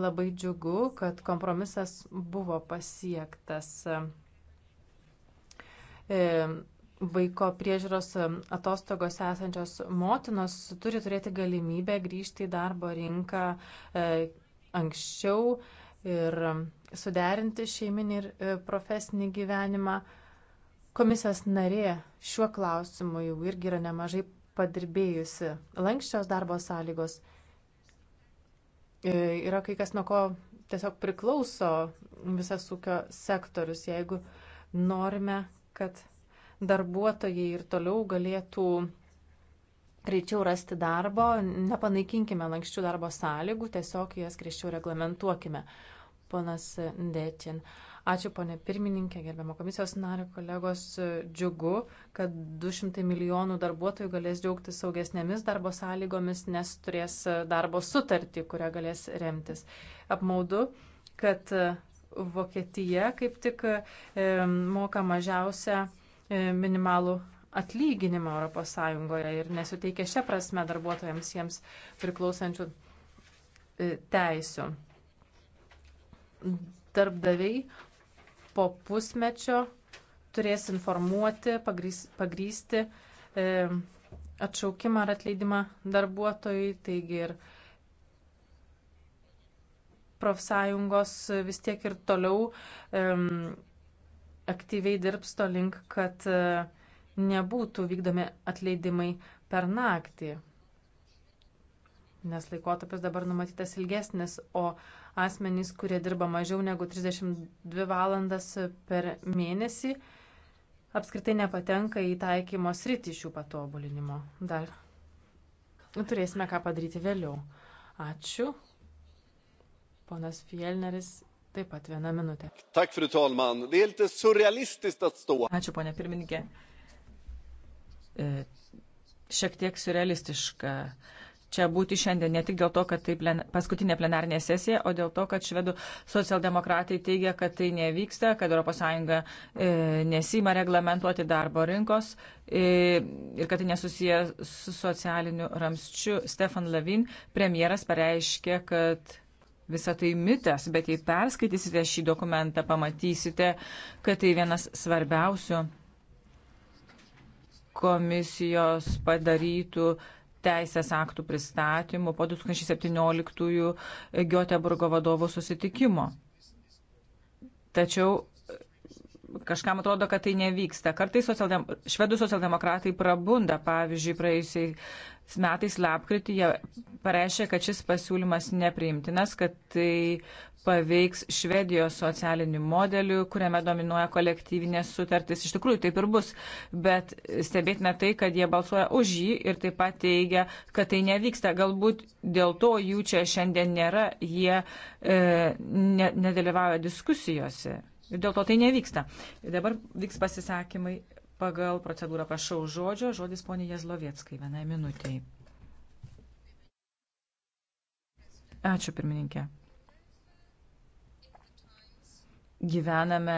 Labai džiugu, kad kompromisas buvo pasiektas. E, vaiko priežiūros atostogos esančios motinos turi turėti galimybę grįžti į darbo rinką e, anksčiau ir suderinti šeiminį ir e, profesinį gyvenimą. Komisijos narė šiuo klausimu jau irgi yra nemažai padirbėjusi. Lankščios darbo sąlygos E, yra kai kas, nuo ko tiesiog priklauso visas ūkio sektorius. Jeigu norime, kad darbuotojai ir toliau galėtų greičiau rasti darbo, nepanaikinkime lankščių darbo sąlygų, tiesiog jas greičiau reglamentuokime. Ponas Detjen. Uh, Ačiū, ponė pirmininkė, gerbiamo komisijos nario kolegos. Džiugu, kad 200 milijonų darbuotojų galės džiaugtis saugesnėmis darbo sąlygomis, nes turės darbo sutartį, kurią galės remtis. Apmaudu, kad Vokietija kaip tik e, moka mažiausią e, minimalų atlyginimą ES ir nesuteikia šią prasme darbuotojams jiems priklausančių e, teisių. Darbdaviai po pusmečio turės informuoti, pagrys, pagrysti e, atšaukimą ar atleidimą darbuotojui. Taigi ir profsąjungos vis tiek ir toliau e, aktyviai dirbs to link, kad e, nebūtų vykdomi atleidimai per naktį. Nes laikotarpis dabar numatytas ilgesnis, o asmenys, kurie dirba mažiau negu 32 valandas per mėnesį, apskritai nepatenka į taikymo sritį šių patobulinimo. Dar turėsime ką padaryti vėliau. Ačiū. Ponas Fielneris Taip pat viena minutė. Tak, fru talman. Det är lite surrealistiskt att stå. Ačiū, ponė pirmininkė. E, šiek tiek surrealistiška čia būti šiandien ne tik dėl to, kad tai plen, paskutinė plenarinė sesija, o dėl to, kad švedų socialdemokratai teigia, kad tai nevyksta, kad ES e, nesima reglamentuoti darbo rinkos e, ir kad tai nesusiję su socialiniu ramščiu. Stefan Levin, premjeras, pareiškė, kad visą tai mitas, bet jei perskaitysite šį dokumentą, pamatysite, kad tai vienas svarbiausių komisijos padarytų teisės aktų pristatymu po 2017 Göteborgo vadovų susitikimo. Tačiau kažkam atrodo, kad tai nevyksta. Kartais socialdem, švedų socialdemokratai prabunda, pavyzdžiui, praėjusiai metais lapkritį jie pareiškė, kad šis pasiūlymas nepriimtinas, kad tai paveiks Švedijos socialinį modelį, kuriame dominuoja kolektyvinės sutartys. Iš tikrųjų, taip ir bus, bet stebėtina tai, kad jie balsuoja už jį ir taip pat teigia, kad tai nevyksta. Galbūt dėl to jų čia šiandien nėra, jie e, ne, nedalyvauja diskusijose. Ir dėl to tai nevyksta. Dabar vyks pasisakymai Pagal procedūrą prašau žodžio, žodis ponė Jezlovieckai, vienai minutiai. Ačiū pirmininkė. Gyvename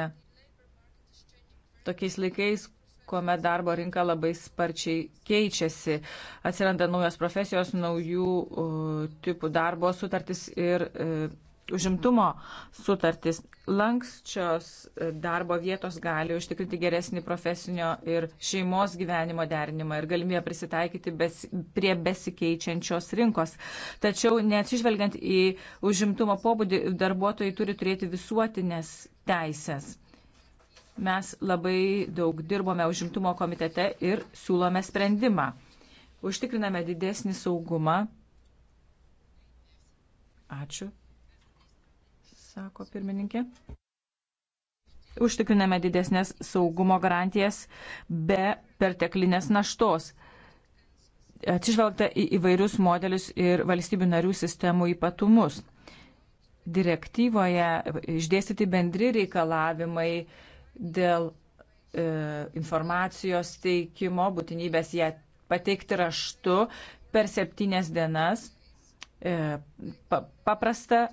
tokiais laikais, kuomet darbo rinka labai sparčiai keičiasi. Atsiranda naujos profesijos, naujų uh, tipų darbo sutartis ir uh, užimtumo sutartis. Lankščios darbo vietos gali užtikrinti geresnį profesinio ir šeimos gyvenimo derinimą ir galimybę prisitaikyti bes, prie besikeičiančios rinkos. Tačiau, neatsižvelgiant į užimtumo pobūdį, darbuotojai turi turėti visuotinės teisės. Mes labai daug dirbome užimtumo komitete ir siūlome sprendimą. Užtikriname didesnį saugumą. Ačiū sako pirmininkė. Užtikriname didesnės saugumo garantijas be perteklinės naštos. Atsižvelgta į įvairius modelius ir valstybių narių sistemų ypatumus. Direktyvoje išdėstyti bendri reikalavimai dėl e, informacijos teikimo, būtinybės ją pateikti raštu per septynias dienas e, paprasta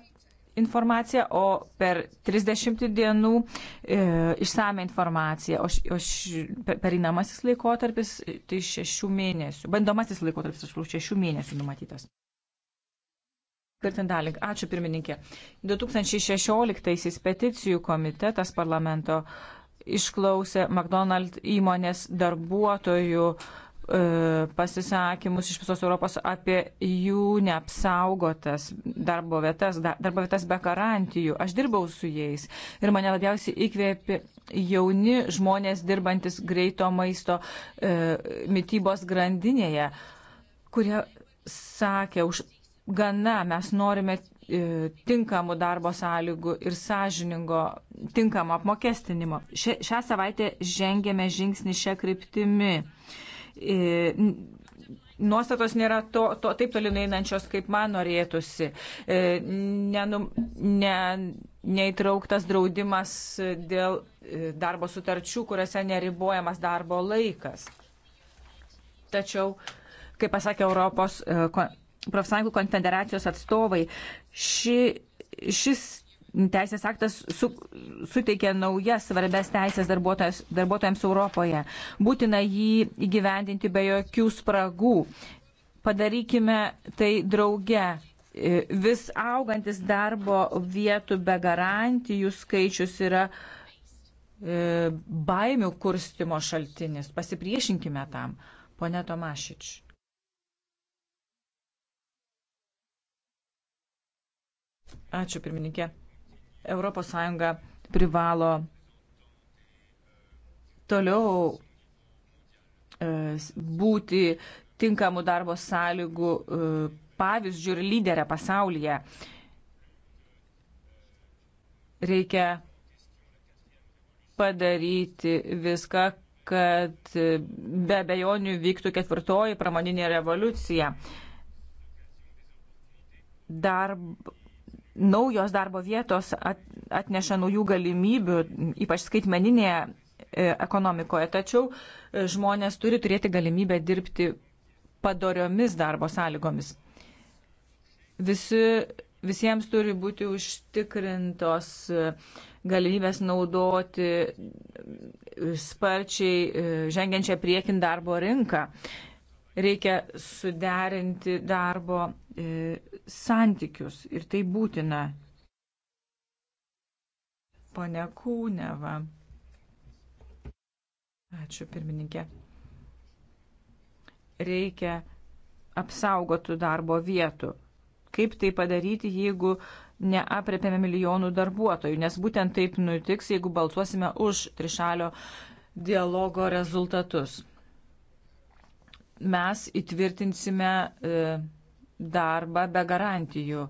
informaciją, o per 30 dienų e, išsame informaciją. O, š, o š, per, pereinamasis laikotarpis e, tai šešių mėnesių. Bandomasis laikotarpis, aš klausiu, šešių mėnesių numatytas. Pirtindalink, ačiū pirmininkė. 2016 peticijų komitetas parlamento išklausė McDonald's įmonės darbuotojų E, pasisakymus iš visos Europos apie jų neapsaugotas darbo vietas, darbo vietas be garantijų. Aš dirbau su jais ir mane labiausiai įkvėpė jauni žmonės dirbantis greito maisto e, mytybos grandinėje, kurie sakė, už gana mes norime e, tinkamų darbo sąlygų ir sąžiningo tinkamo apmokestinimo. Šią savaitę žengėme žingsnį šią kryptimį. E, E, nuostatos nėra to, to, taip toli einančios, kaip man norėtųsi. E, Nenum, ne, neįtrauktas draudimas dėl e, darbo sutarčių, kuriuose neribojamas darbo laikas. Tačiau, kaip pasakė Europos profsąjungų konfederacijos atstovai, ši, šis teisės aktas su, suteikia naujas svarbes teisės darbuotojams Europoje. Būtina jį įgyvendinti be jokių spragų. Padarykime tai drauge. E, vis augantis darbo vietų be garantijų skaičius yra e, baimių kurstimo šaltinis. Pasipriešinkime tam, ponė Tomašič. Ačiū, pirmininkė. ES privalo toliau e, būti tinkamų darbo sąlygų e, pavyzdžių ir lyderę pasaulyje. Reikia padaryti viską, kad e, be bejonių vyktų ketvirtoji pramoninė revoliucija. Darb, naujos darbo vietos atneša naujų galimybių, ypač skaitmeninėje e, ekonomikoje, tačiau e, žmonės turi turėti galimybę dirbti padoriomis darbo sąlygomis. Visi, visiems turi būti užtikrintos e, galimybės naudoti sparčiai žengiančią priekin darbo rinką. Reikia suderinti darbo e, santykius ir tai būtina. Pone Kūneva. Ačiū, pirmininkė. Reikia apsaugotų darbo vietų. Kaip tai padaryti, jeigu neaprėpėme milijonų darbuotojų? Nes būtent taip nutiks, jeigu balsuosime už trišalio dialogo rezultatus mes įtvirtinsime e, darbą be garantijų,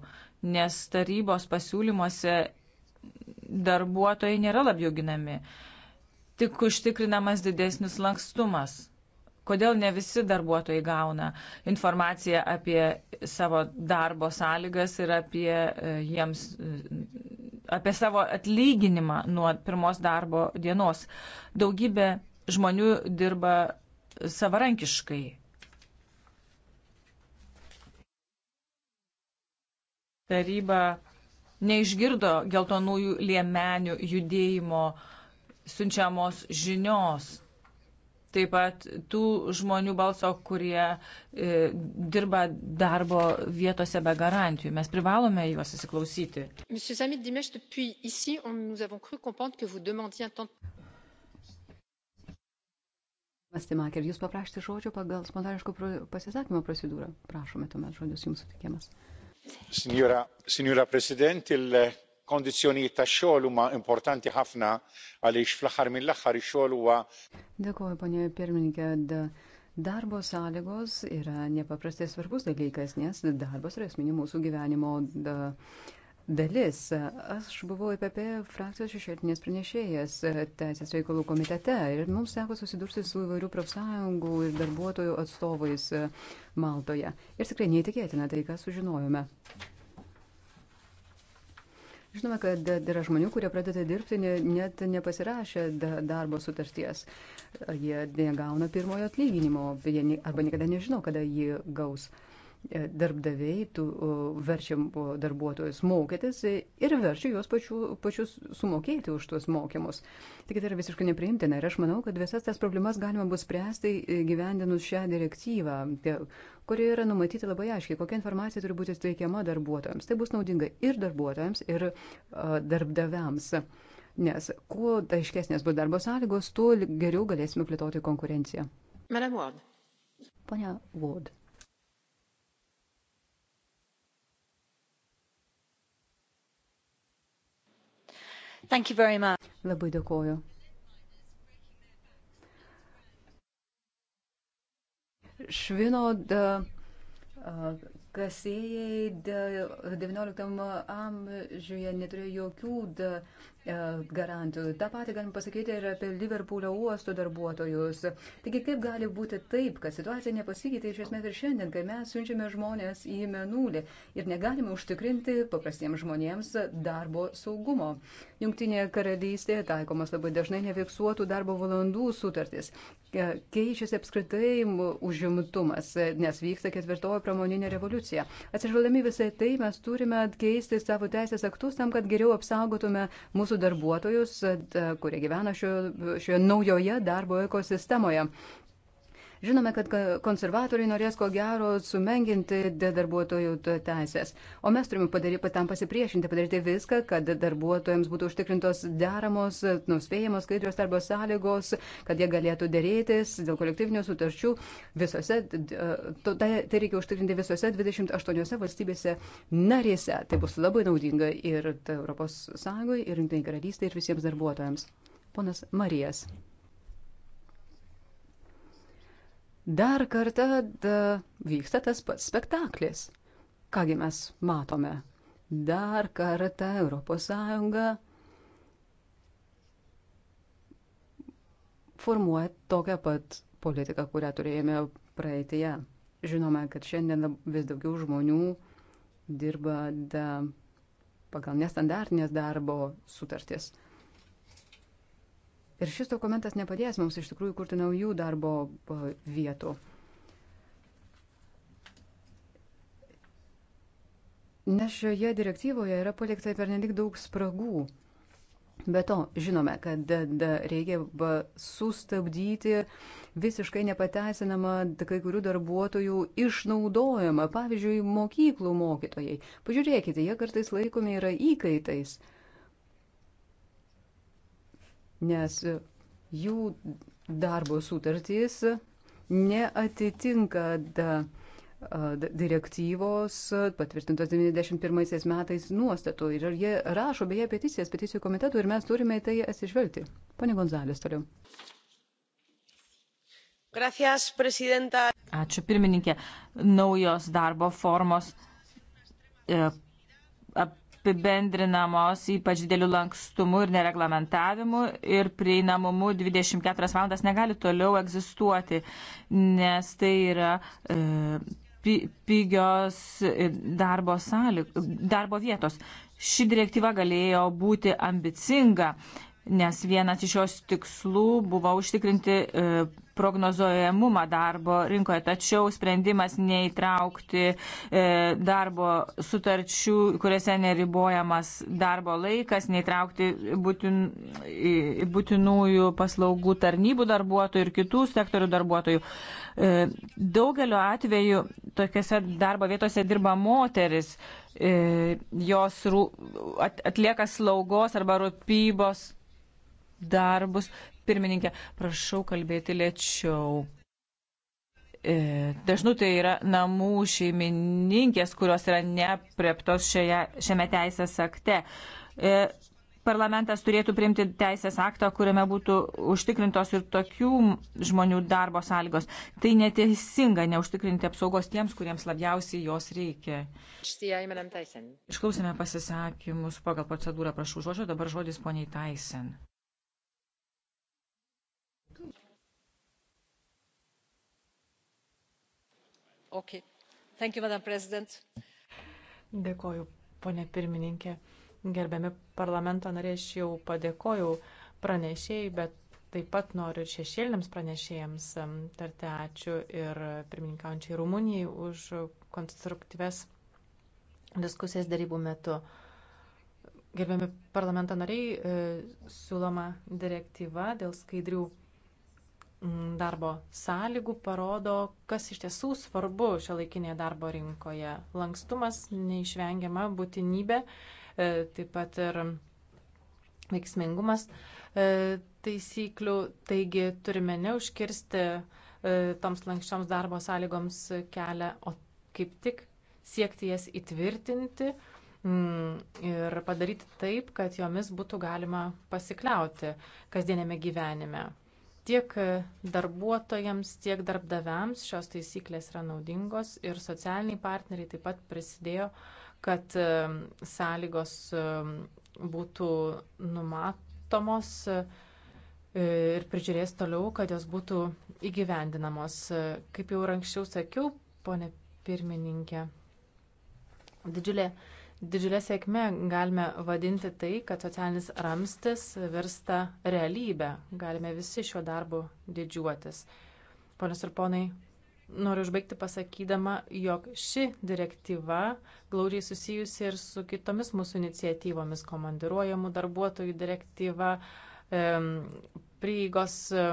nes tarybos pasiūlymuose darbuotojai nėra labiau ginami, tik užtikrinamas didesnis lankstumas. Kodėl ne visi darbuotojai gauna informaciją apie savo darbo sąlygas ir apie, e, jiems, e, apie savo atlyginimą nuo pirmos darbo dienos? Daugybė žmonių dirba savarankiškai taryba neišgirdo geltonųjų liemenių judėjimo siunčiamos žinios. Taip pat tų žmonių balso, kurie e, dirba darbo vietose be garantijų. Mes privalome juos įsiklausyti. Mastimaker, jūs paprašėte žodžio pagal spontaniškų pasisakymų procedūrą. Prašome, tuomet žodis jums sutikiamas signora president il kondizzjonijiet tax-xogħol huma importanti ħafna għaliex fl-aħħar mill-aħħar ix-xogħol huwa. Dėkoju, ponia pirmininke. Darbo sąlygos yra nepaprastai svarbus dalykas, nes darbas yra esminė mūsų gyvenimo da, dalis. Aš buvau EPP frakcijos šešėtinės pranešėjas Teisės reikalų komitete ir mums teko susidurti su įvairių profsąjungų ir darbuotojų atstovais e, Maltoje. Ir tikrai neįtikėtina tai, ką sužinojome. Žinome, kad yra žmonių, kurie pradeda dirbti net nepasirašę darbo sutarties. Jie negauna pirmojo atlyginimo jie, arba niekada nežino, kada jį gaus. Uh, darbdaviai tų, verčia darbuotojus mokytis ir verčia juos pačių, pačius sumokėti už tuos mokymus. Tik tai yra visiškai nepriimtina ir aš manau, kad visas tas problemas galima bus spręsti gyvendinus šią direktyvą, kurioje yra numatyti labai aiškiai, kokia informacija turi būti teikiama darbuotojams. Tai bus naudinga ir darbuotojams, ir darbdaviams. Nes kuo aiškesnės bus darbo sąlygos, tuo geriau galėsime plėtoti konkurenciją. Madame Ward. Ponia Ward. Labai dėkoju. Švino da, kasėjai XIX amžiuje neturėjo jokių da, E, garantų. Ta pati galim pasakyti ir apie Liverpoolio uosto darbuotojus. Taigi kaip gali būti taip, kad situacija nepasikeitė iš esmės ir šiandien, kai mes siunčiame žmonės į menulį ir negalime užtikrinti paprastiems žmonėms darbo saugumo. Jungtinėje karalystėje taikomas labai dažnai nefiksuotų darbo valandų sutartis. Keičiasi apskritai užimtumas, nes vyksta ketvirtoji pramoninė revoliucija. Atsižvelgdami visai tai, mes turime keisti savo teisės aktus tam, kad geriau apsaugotume mūsų mūsų darbuotojus, e, kurie gyvena šio, šioje naujoje darbo ekosistemoje. Žinome, kad konservatoriai norės ko gero sumenginti darbuotojų teisės, o mes turime padaryti, tam pasipriešinti, padaryti viską, kad darbuotojams būtų užtikrintos deramos, nuspėjamos, skaidrios darbo sąlygos, kad jie galėtų dėrėtis dėl kolektyvinių sutarčių visose, tai, tai reikia užtikrinti visose 28 valstybėse narėse. Tai bus labai naudinga ir ES, ir Junktiniai karalystė, ir visiems darbuotojams. Ponas Marijas. Dar kartą da, vyksta tas pats spektaklis. Kągi mes matome? Dar kartą ES formuoja tokią pat politiką, kurią turėjome praeitėje. Žinome, kad šiandien vis daugiau žmonių dirba da, pagal nestandartinės darbo sutartis. Ir šis dokumentas nepadės mums iš tikrųjų kurti naujų darbo vietų. Nes šioje direktyvoje yra palikta per nedik daug spragų. Be to, žinome, kad da, da, reikia ba, sustabdyti visiškai nepateisinamą kai kurių darbuotojų išnaudojimą, pavyzdžiui, mokyklų mokytojai. Pažiūrėkite, jie kartais laikomi yra įkaitais. Uh, nes jų darbo sutartys neatitinka da, direktyvos patvirtintos 91 metais nuostatų. Ir jie rašo beje peticijas peticijų komitetų ir mes turime į tai atsižvelgti. Pane Gonzalės toliau. Gracias, Ačiū pirmininkė. Naujos darbo formos e, apibendrinamos ypač dideliu lankstumu ir nereglamentavimu ir prieinamumu 24 valandas negali toliau egzistuoti, nes tai yra e, pigios e, darbo, sąlyg, darbo vietos. Ši direktyva galėjo būti ambicinga, nes vienas iš jos tikslų buvo užtikrinti e, prognozuojamumą darbo rinkoje, tačiau sprendimas neįtraukti e, darbo sutarčių, kuriuose neribojamas darbo laikas, neįtraukti būtin, būtinųjų paslaugų tarnybų darbuotojų ir kitų sektorių darbuotojų. E, daugeliu atveju tokiuose darbo vietose dirba moteris, jos atlieka slaugos arba rūpybos darbus. Pirmininkė, prašau kalbėti lėčiau. Dažnai e, tai yra namų šeimininkės, kurios yra nepreptos šioje, šiame teisės akte e, parlamentas turėtų priimti teisės aktą, kuriame būtų užtikrintos ir tokių žmonių darbo sąlygos. Tai neteisinga neužtikrinti apsaugos tiems, kuriems labiausiai jos reikia. Išklausėme pasisakymus pagal procedūrą, prašau žodžio, dabar žodis poniai Taisen. Okay. Thank you, Madam President. Dėkoju, ponė pirmininkė. Gerbiami parlamento nariai, aš jau padėkojau pranešėjai, bet taip pat noriu ir šešėliniams pranešėjams tarti ačiū ir pirmininkaujančiai Rumunijai už konstruktyves diskusijas darybų metu. Gerbiami parlamento nariai, e, siūloma direktyva dėl skaidrių Mm, darbo sąlygų parodo, kas iš tiesų svarbu šio laikinėje darbo rinkoje. Lankstumas neišvengiama būtinybė, e, taip pat ir veiksmingumas e, taisyklių, taigi turime neužkirsti e, toms lankščioms darbo sąlygoms kelią, o kaip tik siekti jas įtvirtinti mm, ir padaryti taip, kad jomis būtų galima pasikliauti kasdienėme gyvenime. Tiek darbuotojams, tiek darbdaviams šios taisyklės yra naudingos ir socialiniai partneriai taip pat prisidėjo, kad um, sąlygos um, būtų numatomos e, ir prižiūrės toliau, kad jos būtų įgyvendinamos. E, kaip jau ir anksčiau sakiau, ponė pirmininkė, didžiulė Didžiulė sėkme galime vadinti tai, kad socialinis ramstis virsta realybę. Galime visi šiuo darbu didžiuotis. Ponios ir ponai, noriu užbaigti pasakydama, jog ši direktyva glaudžiai susijusi ir su kitomis mūsų iniciatyvomis - komandiruojamų darbuotojų direktyva, prieigos e,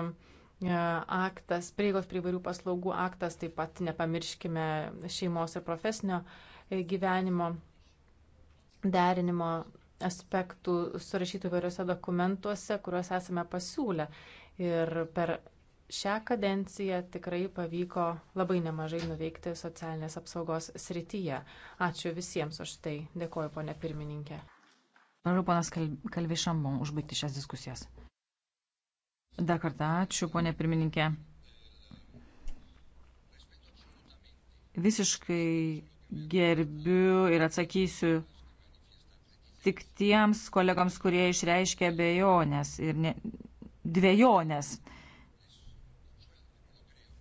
aktas, prieigos prie įvairių paslaugų aktas, taip pat nepamirškime šeimos ir profesinio e, gyvenimo derinimo aspektų surašytų įvairiuose dokumentuose, kuriuos esame pasiūlę. Ir per šią kadenciją tikrai pavyko labai nemažai nuveikti socialinės apsaugos srityje. Ačiū visiems už tai. Dėkoju, ponė pirmininkė. Prašau, ponas Kalvišambon, užbaigti šias diskusijas. Dar kartą ačiū, ponė pirmininkė. Visiškai gerbiu ir atsakysiu tik tiems kolegams, kurie išreiškia bejonės ir ne, dviejonės.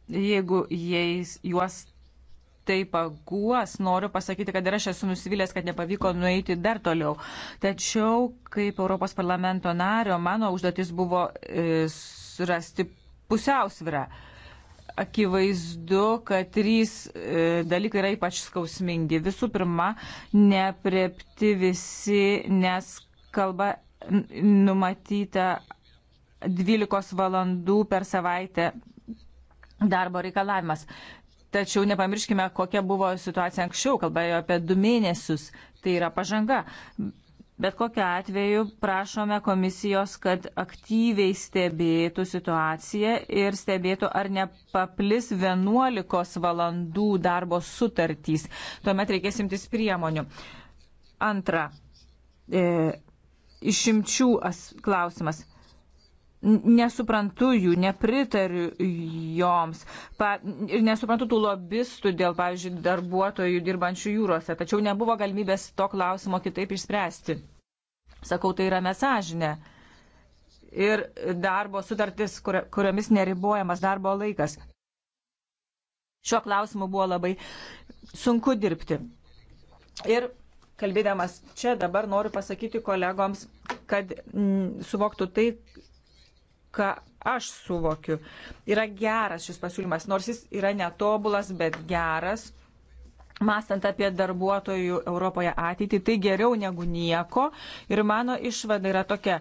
Jeigu jais, juos tai paguos, noriu pasakyti, kad ir aš esu nusivylęs, kad nepavyko nueiti dar toliau. Tačiau, kaip Europos parlamento nario, mano užduotis buvo e, rasti pusiausvirą. E, akivaizdu, kad trys e, dalykai yra ypač skausmingi. Visų pirma, nepriepti visi, nes kalba numatyta 12 valandų per savaitę darbo reikalavimas. Tačiau nepamirškime, kokia buvo situacija anksčiau, kalbėjo apie du mėnesius. Tai yra pažanga. Bet kokiu atveju prašome komisijos, kad aktyviai stebėtų situaciją ir stebėtų, ar nepaplis 11 valandų darbo sutartys. Tuomet reikės imtis priemonių. Antra, e, išimčių klausimas nesuprantu jų, nepritariu joms pa, ir nesuprantu tų lobistų dėl, pavyzdžiui, darbuotojų dirbančių jūrose, tačiau nebuvo galimybės to klausimo kitaip išspręsti. Sakau, tai yra mesažinė. Ir darbo sutartis, kur, kuriomis neribojamas darbo laikas. Šiuo klausimu buvo labai sunku dirbti. Ir kalbėdamas čia dabar noriu pasakyti kolegoms, kad m, suvoktų tai, ką aš suvokiu. Yra geras šis pasiūlymas, nors jis yra netobulas, bet geras. Mastant apie darbuotojų Europoje ateitį, tai geriau negu nieko. Ir mano išvada yra tokia.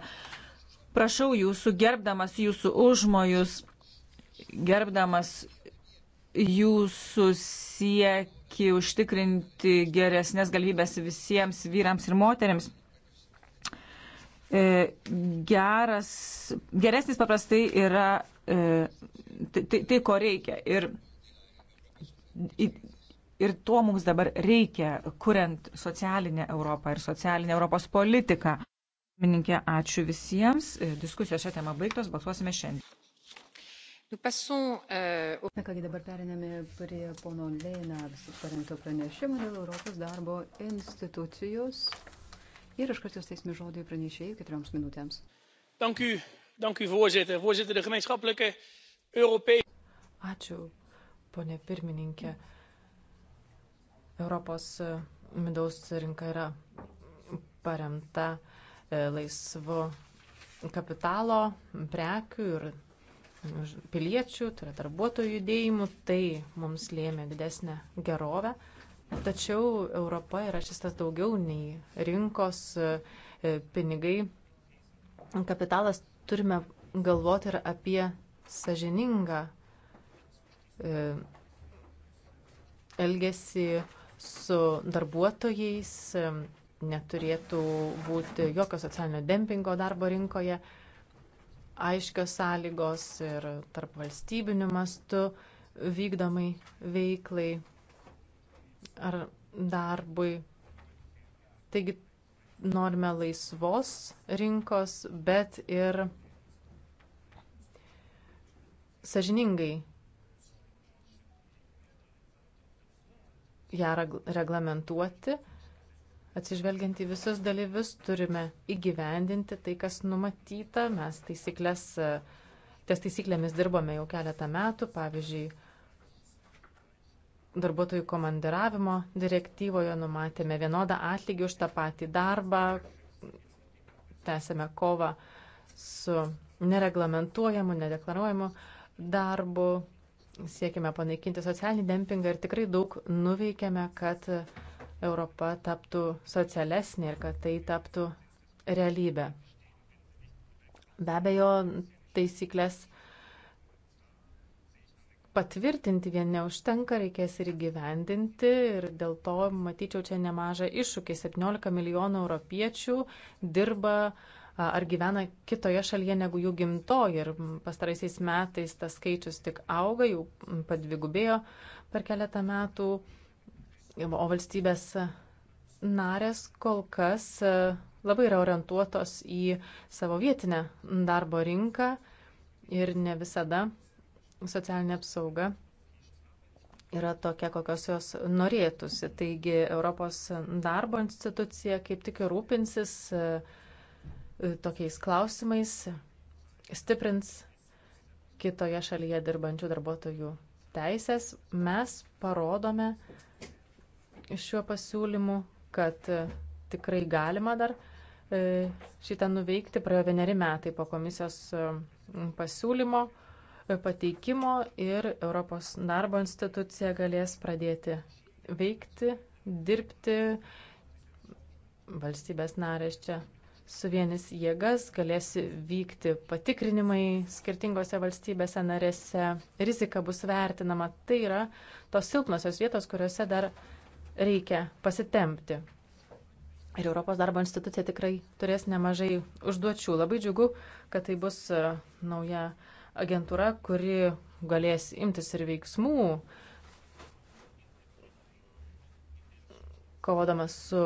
Prašau jūsų, gerbdamas jūsų užmojus, gerbdamas jūsų siekį užtikrinti geresnės galimybės visiems vyrams ir moteriams, E, geras, geresnis paprastai yra e, tai, tai, tai ko reikia. Ir, ir to mums dabar reikia, kuriant socialinę Europą ir socialinę Europos politiką. Mininkė, ačiū visiems. E, diskusijos šią temą baigtos, balsuosime šiandien. Euh, Na kągi dabar periname prie pono Leina parengto pranešimo dėl Europos darbo institucijos. Ir aš kartu steisime žodį pranešėjai keturioms minutėms. Dank u, dank u, voorzitter. Voorzitter, de gemeenschappelijke Europese. Ačiū, ponė pirmininkė. Europos vidaus eh, rinka yra paremta eh, laisvu kapitalo, prekių ir piliečių, tai yra darbuotojų judėjimų, tai mums lėmė didesnę gerovę. Tačiau Europa yra šis tas daugiau nei rinkos e, pinigai, kapitalas. Turime galvoti ir apie sažiningą e, elgesį su darbuotojais, e, neturėtų būti jokio socialinio dempingo darbo rinkoje, aiškios sąlygos ir tarp valstybinių mastų vykdomai veiklai ar darbui. Taigi norime laisvos rinkos, bet ir sažiningai ją reglamentuoti, atsižvelgiant į visus dalyvius, turime įgyvendinti tai, kas numatyta. Mes taisyklės, ties taisyklėmis dirbame jau keletą metų, pavyzdžiui, darbuotojų komandiravimo direktyvoje numatėme vienodą atlygį už tą patį darbą, tęsėme kovą su nereglamentuojamu, nedeklaruojamu darbu, siekime panaikinti socialinį dempingą ir tikrai daug nuveikėme, kad Europa taptų socialesnė ir kad tai taptų realybė. Be abejo, taisyklės patvirtinti vien neužtenka, reikės ir gyvendinti ir dėl to matyčiau čia nemažą iššūkį. 17 milijonų europiečių dirba ar gyvena kitoje šalyje negu jų gimtoji. Ir pastaraisiais metais tas skaičius tik auga, jau padvigubėjo per keletą metų. O valstybės narės kol kas labai yra orientuotos į savo vietinę darbo rinką ir ne visada socialinė apsauga yra tokia, kokios jos norėtųsi. Taigi Europos darbo institucija kaip tik ir rūpinsis e, tokiais klausimais, stiprins kitoje šalyje dirbančių darbuotojų teisės. Mes parodome šiuo pasiūlymu, kad tikrai galima dar e, šitą nuveikti. Praėjo vieneri metai po komisijos e, pasiūlymo pateikimo ir Europos darbo institucija galės pradėti veikti, dirbti. Valstybės narės čia suvienis jėgas, galės vykti patikrinimai skirtingose valstybėse narėse, rizika bus vertinama. Tai yra tos silpnosios vietos, kuriuose dar reikia pasitempti. Ir Europos darbo institucija tikrai turės nemažai užduočių. Labai džiugu, kad tai bus e, nauja uh, agentūra, kuri galės imtis ir veiksmų, kovodamas su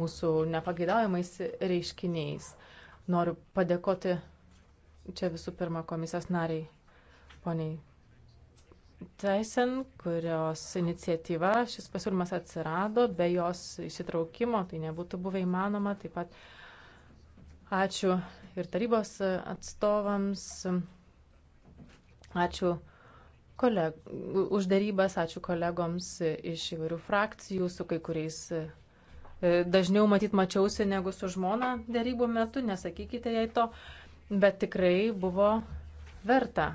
mūsų nepageidaujamais reiškiniais. Noriu padėkoti čia visų pirma komisijos nariai, poniai Teisen, kurios iniciatyva šis pasiūlymas atsirado, be jos įsitraukimo tai nebūtų buvę įmanoma. Taip pat ačiū ir tarybos atstovams, Ačiū koleg... už darybas, ačiū kolegoms iš įvairių frakcijų, su kai kuriais e, dažniau matyt mačiausi negu su žmona darybų metu, nesakykite jai to, bet tikrai buvo verta.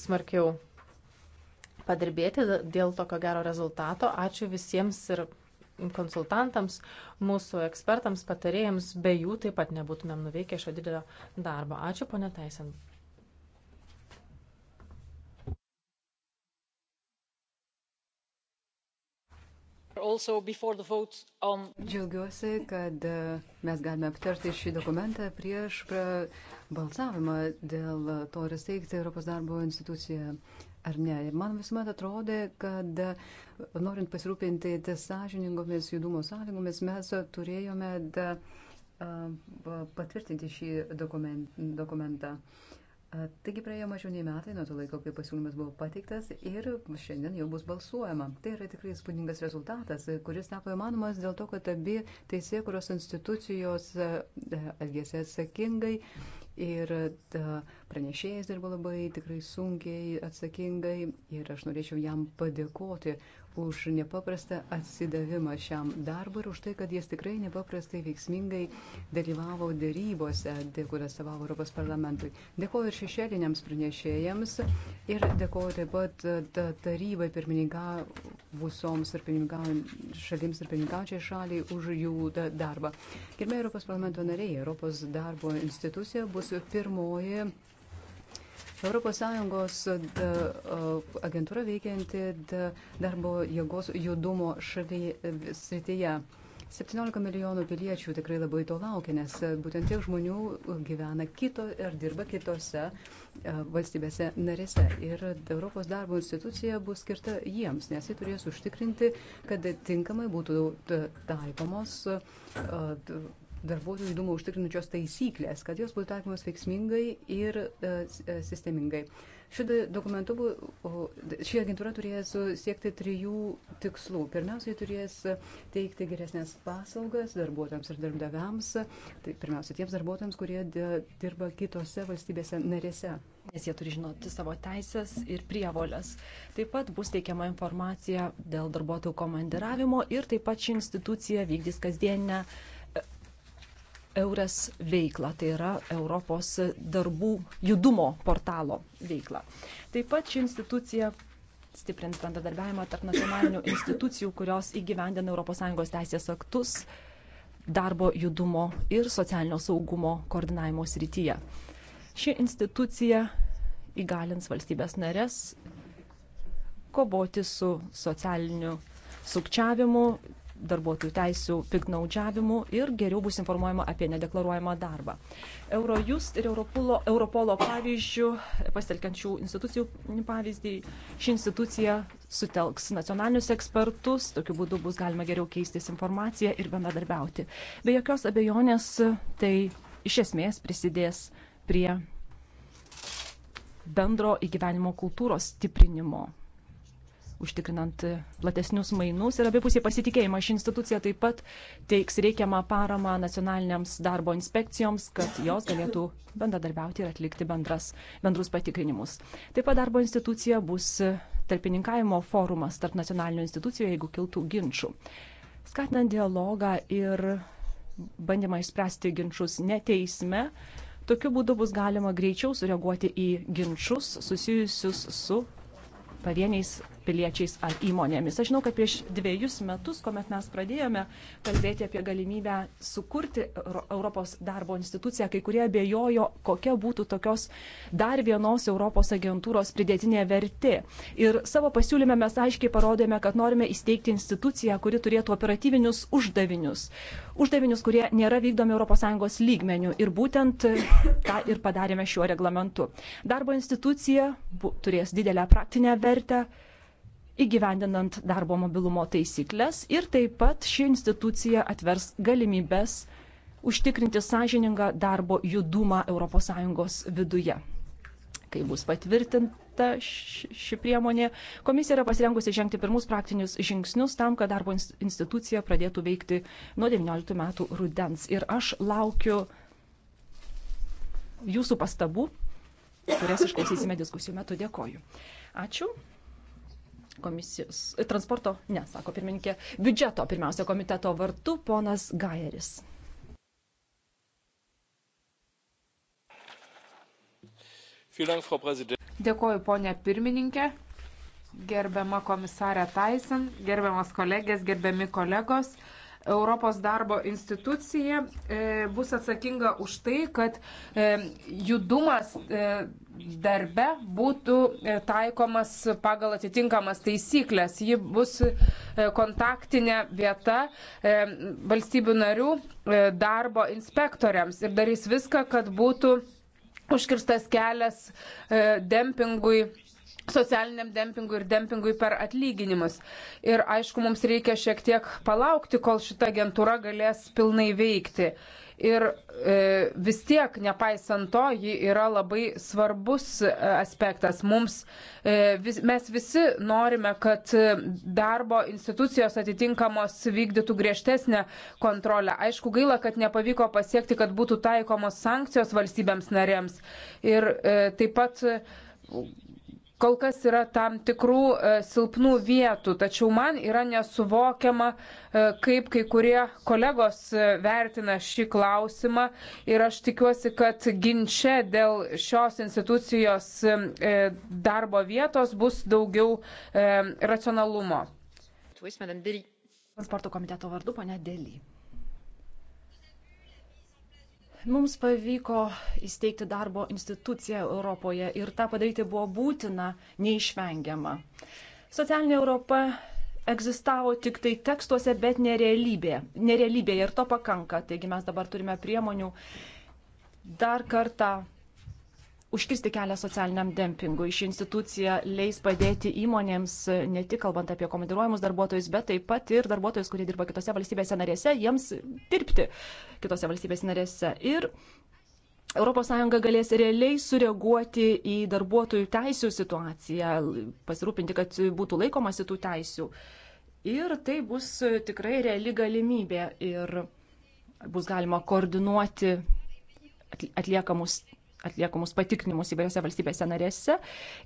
Smarkiau padirbėti dėl tokio gero rezultato. Ačiū visiems ir konsultantams, mūsų ekspertams, patarėjams, be jų taip pat nebūtumėm nuveikę šio didelio darbo. Ačiū, ponė Taisen. On... Džiaugiuosi, kad e, mes galime aptarti šį dokumentą prieš balsavimą dėl to, ar steigti Europos darbo instituciją ar ne. Man visuomet atrodė, kad e, norint pasirūpinti sąžiningomis judumo sąlygomis, mes turėjome da, patvirtinti šį dokument, dokumentą. Taigi praėjo mažiau nei metai nuo to laiko, kai pasiūlymas buvo pateiktas ir šiandien jau bus balsuojama. Tai yra tikrai spūdingas rezultatas, kuris tapo įmanomas dėl to, kad abi teisėkuros institucijos e, elgėsi atsakingai. Uh, ir e, pranešėjas dirbo labai tikrai sunkiai, atsakingai ir aš norėčiau jam padėkoti už nepaprastą atsidavimą šiam darbui ir už tai, kad jis tikrai nepaprastai veiksmingai dalyvavo dėrybose, kurias savavo Europos parlamentui. Dėkuoju ir šešėliniams pranešėjams ir dėkuoju taip pat e, tarybai pirmininkavusoms ir šalims ir pirmininkaučiai šaliai už jų darbą. Gerbėjai Europos parlamento nariai, Europos darbo institucija bus pirmoji ES agentūra veikianti darbo jėgos judumo e, srityje. 17 milijonų piliečių tikrai labai to laukia, nes e, būtent tiek žmonių gyvena kito ir dirba kitose e, valstybėse narėse. Ir Europos darbo institucija bus skirta jiems, nes jie turės užtikrinti, kad tinkamai būtų taikomos darbuotojų judumą užtikrinančios taisyklės, kad jos būtų taikomos veiksmingai ir e, e, sistemingai. Šitą dokumentu, ši agentūra turės siekti trijų tikslų. Pirmiausiai turės teikti geresnės paslaugas darbuotojams ir darbdaviams, tai pirmiausia tiems darbuotojams, kurie dirba kitose valstybėse narėse. Nes jie turi žinoti savo teisės ir prievolės. Taip pat bus teikiama informacija dėl darbuotojų komandiravimo ir taip pat ši institucija vykdys kasdienę Eures veiklą, tai yra Europos darbų judumo portalo veiklą. Taip pat ši institucija stiprins bendradarbiavimą tarp nacionalinių institucijų, kurios įgyvendina ES teisės aktus darbo judumo ir socialinio saugumo koordinavimo srityje. Ši institucija įgalins valstybės narės kovoti su socialiniu sukčiavimu, darbuotojų teisų piknaudžiavimu ir geriau bus informuojama apie nedeklaruojamą darbą. Eurojust ir Europolo, Europolo pavyzdžių, pasitelkiančių institucijų pavyzdį, ši institucija sutelks nacionalinius ekspertus, tokiu būdu bus galima geriau keistis informaciją ir bendradarbiauti. Be jokios abejonės tai iš esmės prisidės prie bendro įgyvenimo kultūros stiprinimo užtikrinant platesnius mainus ir abipusį pasitikėjimą. Ši institucija taip pat teiks reikiamą paramą nacionaliniams darbo inspekcijoms, kad jos galėtų bendradarbiauti ir atlikti bendras, bendrus patikrinimus. Taip pat darbo institucija bus tarpininkavimo forumas tarp nacionalinių institucijų, jeigu kiltų ginčių. Skatinant dialogą ir bandymą išspręsti ginčius ne teisme, Tokiu būdu bus galima greičiau sureaguoti į ginčius susijusius su pavieniais piliečiais ar įmonėmis. Aš žinau, kad prieš dviejus metus, kuomet mes pradėjome kalbėti apie galimybę sukurti Europos darbo instituciją, kai kurie abejojo, kokia būtų tokios dar vienos Europos agentūros pridėtinė vertė. Ir savo pasiūlyme mes aiškiai parodėme, kad norime įsteigti instituciją, kuri turėtų operatyvinius uždavinius. Uždavinius, kurie nėra vykdomi ES lygmenių. Ir būtent tą ir padarėme šiuo reglamentu. Darbo institucija turės didelę praktinę vertę įgyvendinant darbo mobilumo taisyklės ir taip pat ši institucija atvers galimybės užtikrinti sąžiningą darbo judumą ES viduje. Kai bus patvirtinta ši priemonė, komisija yra pasirengusi žengti pirmus praktinius žingsnius tam, kad darbo institucija pradėtų veikti nuo 19 metų rudens. Ir aš laukiu jūsų pastabų, kurias išklausysime diskusijų metu. Dėkoju. Ačiū komisijos, e, transporto, ne, sako pirmininkė, biudžeto pirmiausia komiteto vartų ponas Gajeris. Dėkoju, ponė pirmininkė, gerbiama komisarė Tyson, gerbiamas kolegės, gerbiami kolegos. Europos darbo institucija e, bus atsakinga už tai, kad e, judumas e, darbe būtų taikomas pagal atitinkamas taisyklės. Ji bus kontaktinė vieta valstybių narių darbo inspektoriams ir darys viską, kad būtų užkirstas kelias dempingui socialiniam dempingui ir dempingui per atlyginimus. Ir aišku, mums reikia šiek tiek palaukti, kol šita agentūra galės pilnai veikti. Ir e, vis tiek, nepaisant to, ji yra labai svarbus e, aspektas. Mums, e, vis, mes visi norime, kad darbo institucijos atitinkamos vykdytų griežtesnę kontrolę. Aišku, gaila, kad nepavyko pasiekti, kad būtų taikomos sankcijos valstybėms narėms. Ir e, taip pat. E, kol kas yra tam tikrų e, silpnų vietų, tačiau man yra nesuvokiama, e, kaip kai kurie kolegos e, vertina šį klausimą ir aš tikiuosi, kad ginčia dėl šios institucijos darbo vietos bus daugiau racionalumo. Transporto komiteto vardu, ponia Dėly. Mums pavyko įsteigti darbo instituciją Europoje ir tą padaryti buvo būtina, neišvengiama. Socialinė Europa egzistavo tik tai tekstuose, bet nerealybė, nerealybėje ir to pakanka. Taigi mes dabar turime priemonių dar kartą užkirsti kelią socialiniam dempingui. Ši institucija leis padėti įmonėms, ne tik kalbant apie komandiruojamus darbuotojus, bet taip pat ir darbuotojus, kurie dirba kitose valstybėse narėse, jiems dirbti kitose valstybėse narėse. Ir ES galės realiai sureaguoti į darbuotojų teisų situaciją, pasirūpinti, kad būtų laikomasi tų teisų. Ir tai bus tikrai reali galimybė ir bus galima koordinuoti atliekamus atliekamus patikrinimus įvairiose valstybėse narėse.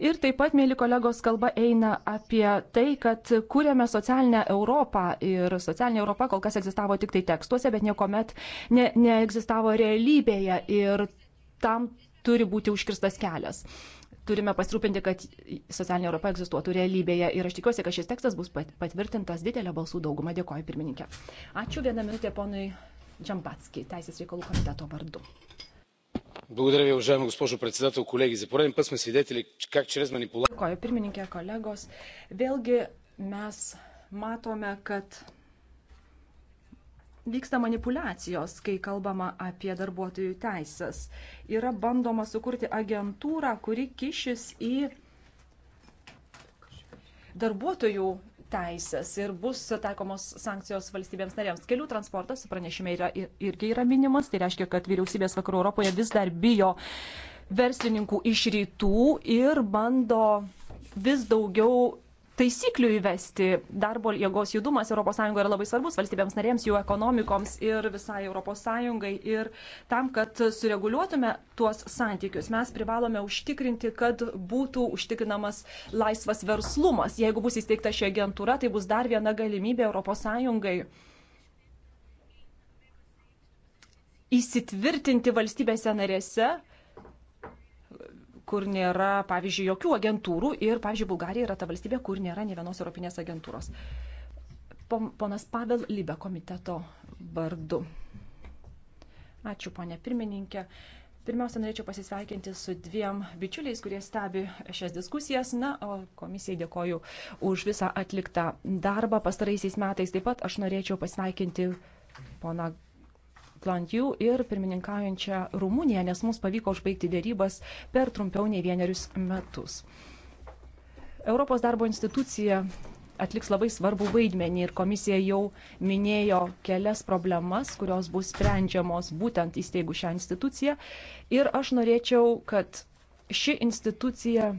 Ir taip pat, mėly kolegos, kalba eina apie tai, kad kūrėme socialinę Europą ir socialinė Europa kol kas egzistavo tik tai tekstuose, bet niekuomet ne, neegzistavo realybėje ir tam turi būti užkirstas kelias. Turime pasirūpinti, kad socialinė Europa egzistuotų realybėje ir aš tikiuosi, kad šis tekstas bus patvirtintas didelę balsų daugumą. Dėkoju pirmininkė. Ačiū vieną minutę ponui Džambatski, Teisės reikalų komiteto vardu госпожо председател колеги! за пореден път сме свидетели как чрез манипулации. dėkoju pirmininke kolegos vėlgi mes matome kad vyksta manipuliacijos kai kalbama apie darbuotojų teises yra bandoma sukurti agentūrą kuri kišis į darbuotojų teisės ir bus taikomos sankcijos valstybėms narėms. Kelių transportas pranešime yra, irgi yra minimas, tai reiškia, kad vyriausybės vakarų Europoje vis dar bijo verslininkų iš rytų ir bando vis daugiau taisyklių įvesti. Darbo jėgos judumas ES yra labai svarbus valstybėms narėms, jų ekonomikoms ir visai ES. Ir tam, kad sureguliuotume tuos santykius, mes privalome užtikrinti, kad būtų užtikrinamas laisvas verslumas. Jeigu bus įsteigta ši agentūra, tai bus dar viena galimybė ES įsitvirtinti valstybėse narėse kur nėra, pavyzdžiui, jokių agentūrų ir, pavyzdžiui, Bulgarija yra ta valstybė, kur nėra ne vienos Europinės agentūros. Ponas Pavel Libe komiteto vardu. Ačiū, ponė pirmininkė. Pirmiausia, norėčiau pasisveikinti su dviem bičiuliais, kurie stebi šias diskusijas. Na, o komisijai dėkoju už visą atliktą darbą pastaraisiais metais. Taip pat aš norėčiau pasveikinti poną Klandijų ir pirmininkaujančią Rumuniją, nes mums pavyko užbaigti dėrybas per trumpiau nei vienerius metus. Europos darbo institucija atliks labai svarbų vaidmenį ir komisija jau minėjo kelias problemas, kurios bus sprendžiamos būtent įsteigų šią instituciją. Ir aš norėčiau, kad ši institucija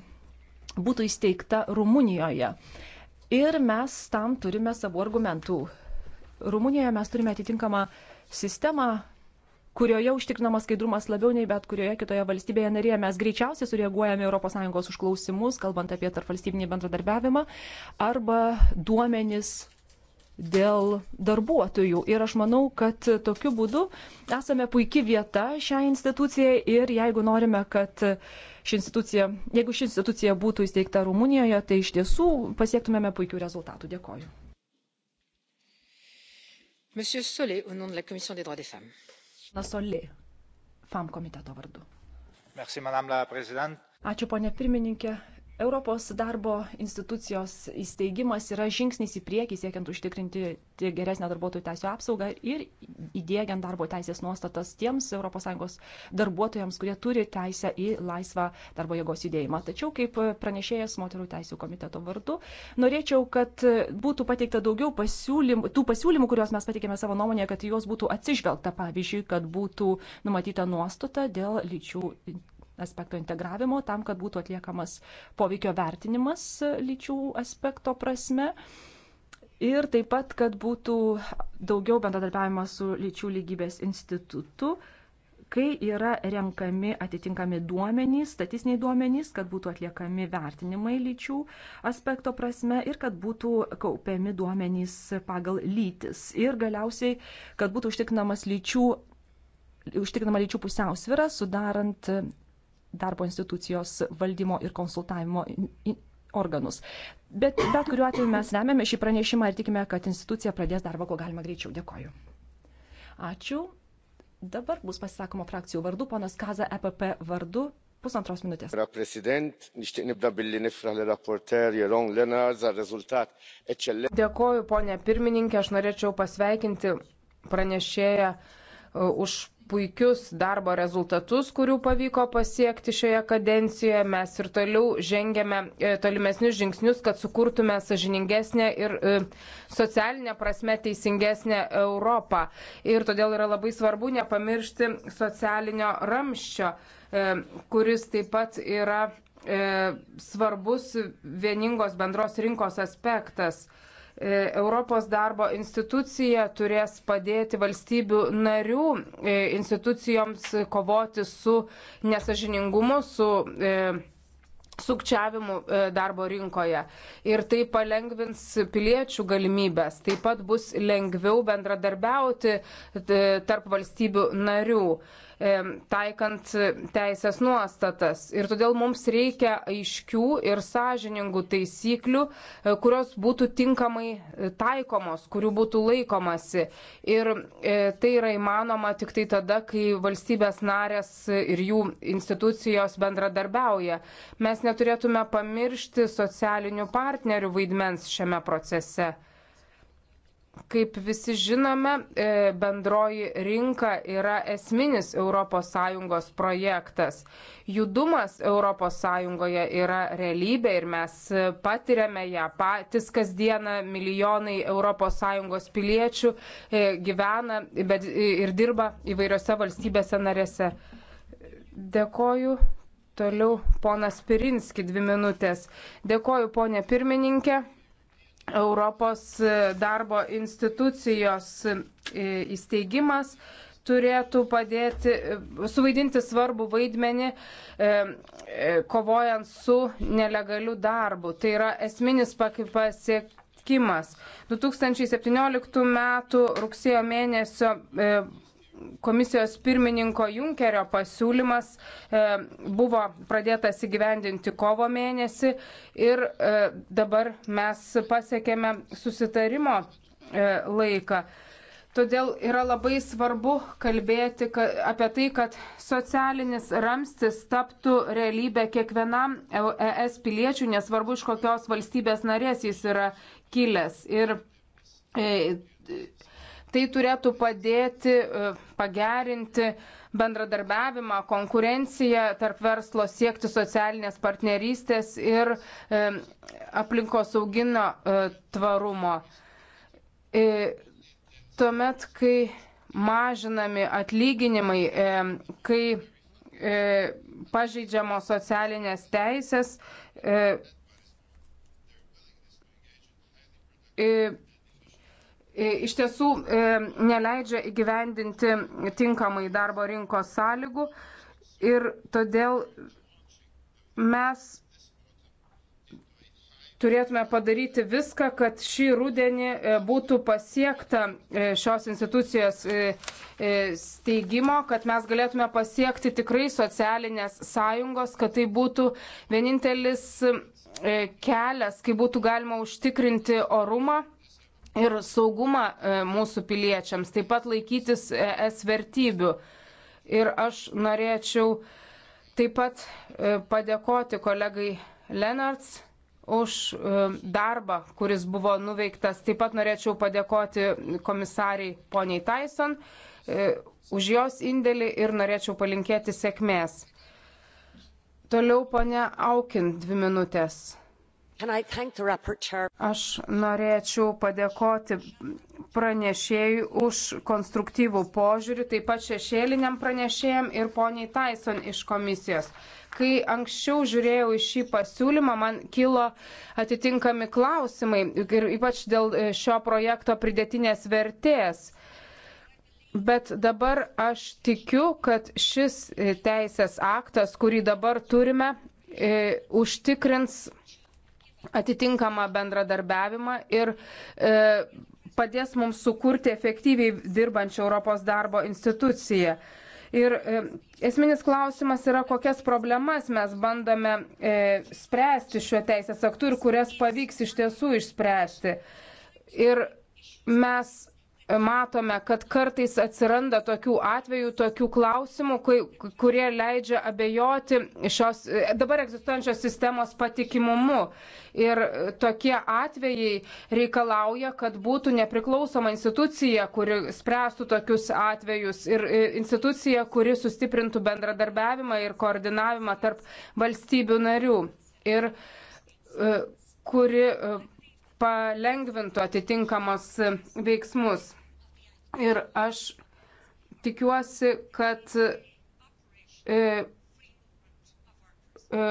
būtų įsteigta Rumunijoje. Ir mes tam turime savo argumentų. Rumunijoje mes turime atitinkamą uh, sistemą, kurioje užtikrinamas skaidrumas labiau nei bet kurioje kitoje valstybėje narėje. Mes greičiausiai sureaguojame ES užklausimus, kalbant apie tarpvalstybinį bendradarbiavimą, arba duomenis dėl darbuotojų. Ir aš manau, kad tokiu būdu esame puikia vieta šią instituciją ir jeigu norime, kad ši institucija, jeigu ši institucija būtų įsteigta Rumunijoje, tai iš tiesų pasiektumėme puikių rezultatų. Dėkoju. Solė, Solė, FAM komiteto vardu. Merci, Ačiū, ponė pirmininkė, Europos darbo institucijos įsteigimas yra žingsnis į priekį siekiant užtikrinti geresnę darbuotojų teisų apsaugą ir įdėgiant darbo teisės nuostatas tiems ES darbuotojams, kurie turi teisę į laisvą darbo jėgos judėjimą. Tačiau kaip pranešėjas moterų teisų komiteto vardu, norėčiau, kad būtų pateikta daugiau pasiūlymų, tų pasiūlymų, kuriuos mes pateikėme savo nuomonėje, kad juos būtų atsižvelgta, pavyzdžiui, kad būtų numatyta nuostata dėl lyčių aspekto integravimo tam, kad būtų atliekamas poveikio vertinimas lyčių aspekto prasme. Ir taip pat, kad būtų daugiau bendradarbiavimo su lyčių lygybės institutu, kai yra renkami atitinkami duomenys, statistiniai duomenys, kad būtų atliekami vertinimai lyčių aspekto prasme ir kad būtų kaupiami duomenys pagal lytis. Ir galiausiai, kad būtų užtikrinamas lyčių užtikrinama lyčių pusiausvyrą, sudarant darbo institucijos valdymo ir konsultavimo organus. Bet bet kuriuo atveju mes remiame šį pranešimą ir tikime, kad institucija pradės darbą kuo galima greičiau. Dėkoju. Ačiū. Dabar bus pasisakoma frakcijų vardu, ponas Kaza EPP vardu. Pusantros minutės. Herr Präsident, ich nibda billi nifra le rapporteur Jeroen Lennarts ar rezultat eccellent. Dėkoju, ponė pirmininkė, aš norėčiau pasveikinti pranešėją uh, už puikius darbo rezultatus, kurių pavyko pasiekti šioje kadencijoje. Mes ir toliau žengėme e, tolimesnius žingsnius, kad sukurtume sažiningesnę ir e, socialinę prasme teisingesnę Europą. Ir todėl yra labai svarbu nepamiršti socialinio ramščio, e, kuris taip pat yra svarbus vieningos bendros rinkos aspektas. E, Europos darbo institucija turės padėti valstybių narių e, institucijoms kovoti su nesažiningumu, su e, sukčiavimu darbo rinkoje. Ir tai palengvins piliečių galimybės. Taip pat bus lengviau bendradarbiauti tarp valstybių narių. E, taikant teisės nuostatas. Ir todėl mums reikia aiškių ir sąžiningų taisyklių, e, kurios būtų tinkamai e, taikomos, kurių būtų laikomasi. Ir tai yra įmanoma tik tai tada, kai valstybės narės ir jų institucijos bendradarbiauja. Mes neturėtume pamiršti socialinių partnerių vaidmens šiame procese. Kaip visi žinome, e, bendroji rinka yra esminis ES projektas. Judumas ES yra realybė ir mes patiriame ją patys kasdieną. Milijonai ES piliečių e, gyvena e, ir dirba įvairiose valstybėse narėse. Dėkoju. Toliau ponas Pirinski dvi minutės. Dėkoju, ponė pirmininkė. Europos darbo institucijos įsteigimas turėtų padėti, suvaidinti svarbų vaidmenį e, e kovojant su nelegaliu darbu. Tai yra esminis pasiekimas. 2017 m. rugsėjo mėnesio e, komisijos pirmininko Junkerio pasiūlymas e, buvo pradėtas įgyvendinti kovo mėnesį ir e, dabar mes pasiekėme susitarimo e, laiką. Todėl yra labai svarbu kalbėti ka, apie tai, kad socialinis ramstis taptų realybę kiekvienam ES e piliečiui, nesvarbu iš kokios valstybės narės jis yra kilęs. Ir, e, tai turėtų padėti e, pagerinti bendradarbiavimą, konkurenciją tarp verslo, siekti socialinės partnerystės ir e, aplinkosauginio e, tvarumo. Tuomet, kai mažinami atlyginimai, kai pažeidžiamos socialinės teisės, E, iš tiesų e, neleidžia įgyvendinti tinkamai darbo rinkos sąlygų ir todėl mes turėtume padaryti viską, kad šį rudenį e, būtų pasiekta šios institucijos steigimo, kad mes galėtume pasiekti tikrai socialinės sąjungos, kad tai būtų vienintelis kelias, kai būtų galima užtikrinti orumą ir saugumą e, mūsų piliečiams, taip pat laikytis e, es vertybių. Ir aš norėčiau taip pat e, padėkoti kolegai Lenarts už darbą, kuris buvo nuveiktas. Taip pat norėčiau padėkoti komisariai poniai Tyson už jos indėlį ir norėčiau palinkėti sėkmės. Toliau ponia Aukin dvi minutės. Aš norėčiau padėkoti pranešėjui už konstruktyvų požiūrį, taip pat šešėliniam pranešėjam ir poniai Tyson iš komisijos. Kai anksčiau žiūrėjau į šį pasiūlymą, man kilo atitinkami klausimai ir ypač dėl šio projekto pridėtinės vertės. Bet dabar aš tikiu, kad šis teisės aktas, kurį dabar turime, e, užtikrins atitinkamą bendradarbiavimą ir e, padės mums sukurti efektyviai dirbančią Europos darbo instituciją. Ir e, esminis klausimas yra, kokias problemas mes bandome e, spręsti šiuo teisės aktu ir kurias pavyks iš tiesų išspręsti. Ir mes matome, kad kartais atsiranda tokių atvejų, tokių klausimų, kai, kurie leidžia abejoti šios dabar egzistuojančios sistemos patikimumu. Ir tokie atvejai reikalauja, kad būtų nepriklausoma institucija, kuri spręstų tokius atvejus ir e, institucija, kuri sustiprintų bendradarbiavimą ir koordinavimą tarp valstybių narių. Ir e, kuri e, palengvintų atitinkamas veiksmus. Ir aš tikiuosi, kad e, e,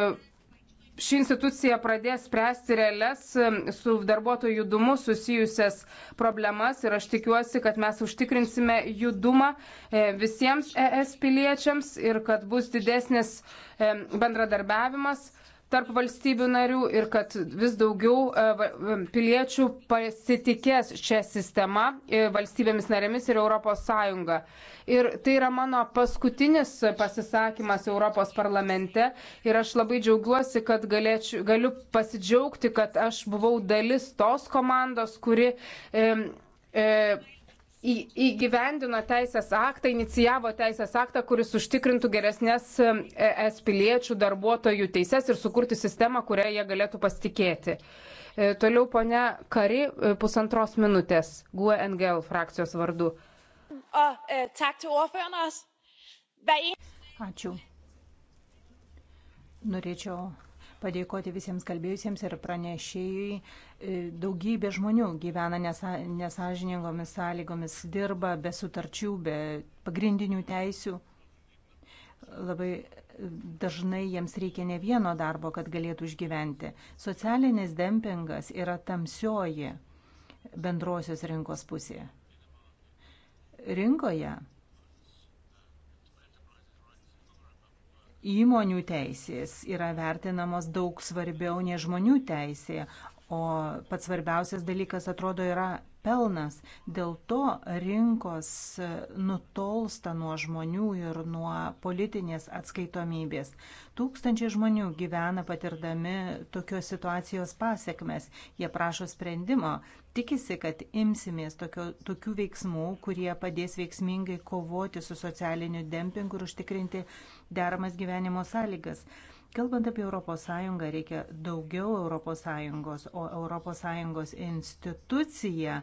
ši institucija pradės spręsti realias e, su darbuotojų judumu susijusias problemas ir aš tikiuosi, kad mes užtikrinsime judumą e, visiems ES piliečiams ir kad bus didesnis e, bendradarbiavimas tarp valstybių narių ir kad vis daugiau e, e, piliečių pasitikės šią sistemą e, valstybėmis narėmis ir ES. Ir tai yra mano paskutinis pasisakymas Europos parlamente ir aš labai džiaugiuosi, kad galėčiau, galiu pasidžiaugti, kad aš buvau dalis tos komandos, kuri e, e, į, įgyvendino teisės aktą, inicijavo teisės aktą, kuris užtikrintų geresnės e, es piliečių darbuotojų teises ir sukurti sistemą, kurią jie galėtų pasitikėti. E, toliau ponia Kari, e, pusantros minutės, GUNGL frakcijos vardu. Ačiū. Norėčiau padėkoti visiems kalbėjusiems ir pranešėjui. E, daugybė žmonių gyvena nesa, nesažiningomis sąlygomis, dirba be sutarčių, be pagrindinių teisių. Labai dažnai jiems reikia ne vieno darbo, kad galėtų išgyventi. Socialinis dempingas yra tamsioji bendrosios rinkos pusė. Rinkoje Įmonių teisės yra vertinamos daug svarbiau nei žmonių teisė, o pats svarbiausias dalykas atrodo yra pelnas. Dėl to rinkos nutolsta nuo žmonių ir nuo politinės atskaitomybės. Tūkstančiai žmonių gyvena patirdami tokios situacijos pasiekmes. Jie prašo sprendimo, tikisi, kad imsimės tokio, tokių veiksmų, kurie padės veiksmingai kovoti su socialiniu dempingu ir užtikrinti deramas gyvenimo sąlygas. Kalbant apie ES, reikia daugiau ES, o ES institucija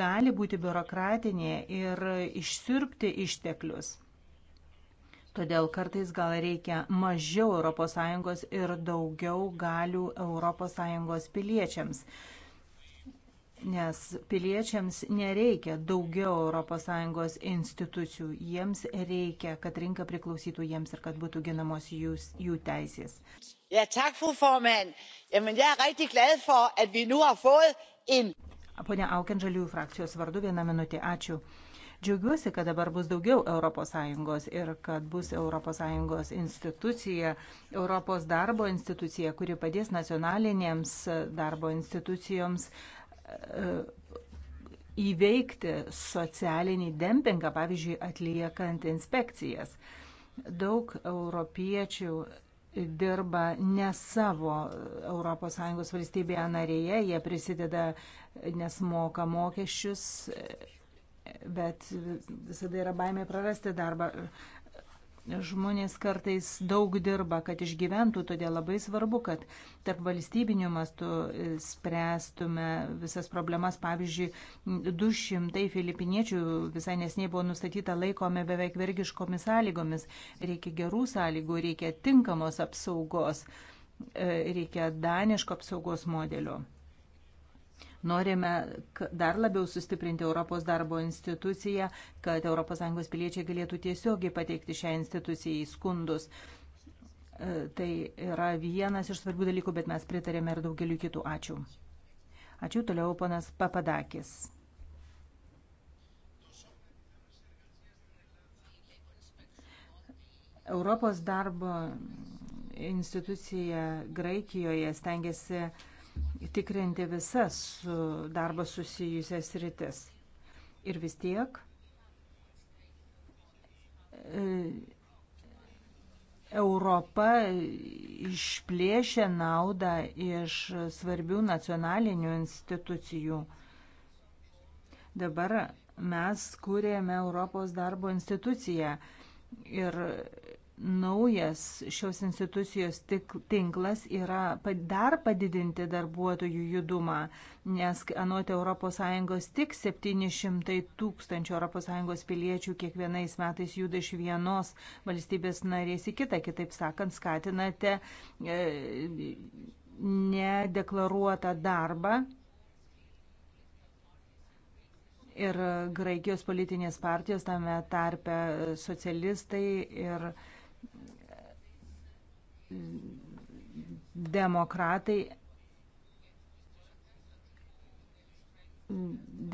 gali būti biurokratinė ir išsirpti išteklius. Todėl kartais gal reikia mažiau ES ir daugiau galių ES piliečiams nes piliečiams nereikia daugiau ES institucijų, jiems reikia, kad rinka priklausytų jiems ir kad būtų ginamos jūs, jų teisės. Ja, tak, fru formand. Jamen, jeg er rigtig glad for, at vi nu har fået en... Pone Auken, žaliųjų frakcijos vardu vieną minutę. Ačiū. Džiaugiuosi, kad dabar bus daugiau ES ir kad bus ES institucija, Europos darbo institucija, kuri padės nacionalinėms darbo institucijoms uh, E, įveikti socialinį dempingą, pavyzdžiui, atliekant inspekcijas. Daug europiečių dirba ne savo ES valstybėje narėje, jie prisideda, nes moka mokesčius, bet visada yra baimė prarasti darbą. Žmonės kartais daug dirba, kad išgyventų, todėl labai svarbu, kad tarp valstybinių mastų e, spręstume visas problemas. Pavyzdžiui, 200 filipiniečių visai nesniai buvo nustatyta laikome beveik vergiškomis sąlygomis. Reikia gerų sąlygų, reikia tinkamos apsaugos, e, reikia daniško apsaugos modelio. Norime dar labiau sustiprinti Europos darbo instituciją, kad ES piliečiai galėtų tiesiogiai pateikti šią instituciją į skundus. E, tai yra vienas iš svarbių dalykų, bet mes pritarėme ir daugeliu kitų. Ačiū. Ačiū toliau, ponas Papadakis. Europos darbo institucija Graikijoje stengiasi uh, tikrinti visas su darbo susijusias rytis. Ir vis tiek e, Europa išplėšė naudą iš svarbių nacionalinių institucijų. Dabar mes kūrėme Europos darbo instituciją ir naujas šios institucijos tik, tinklas yra dar padidinti darbuotojų judumą, nes anot ES tik 700 tūkstančių ES piliečių kiekvienais metais juda iš vienos valstybės narės į kitą. Kitaip sakant, skatinate e, nedeklaruotą darbą ir Graikijos politinės partijos tame tarpe socialistai ir demokratai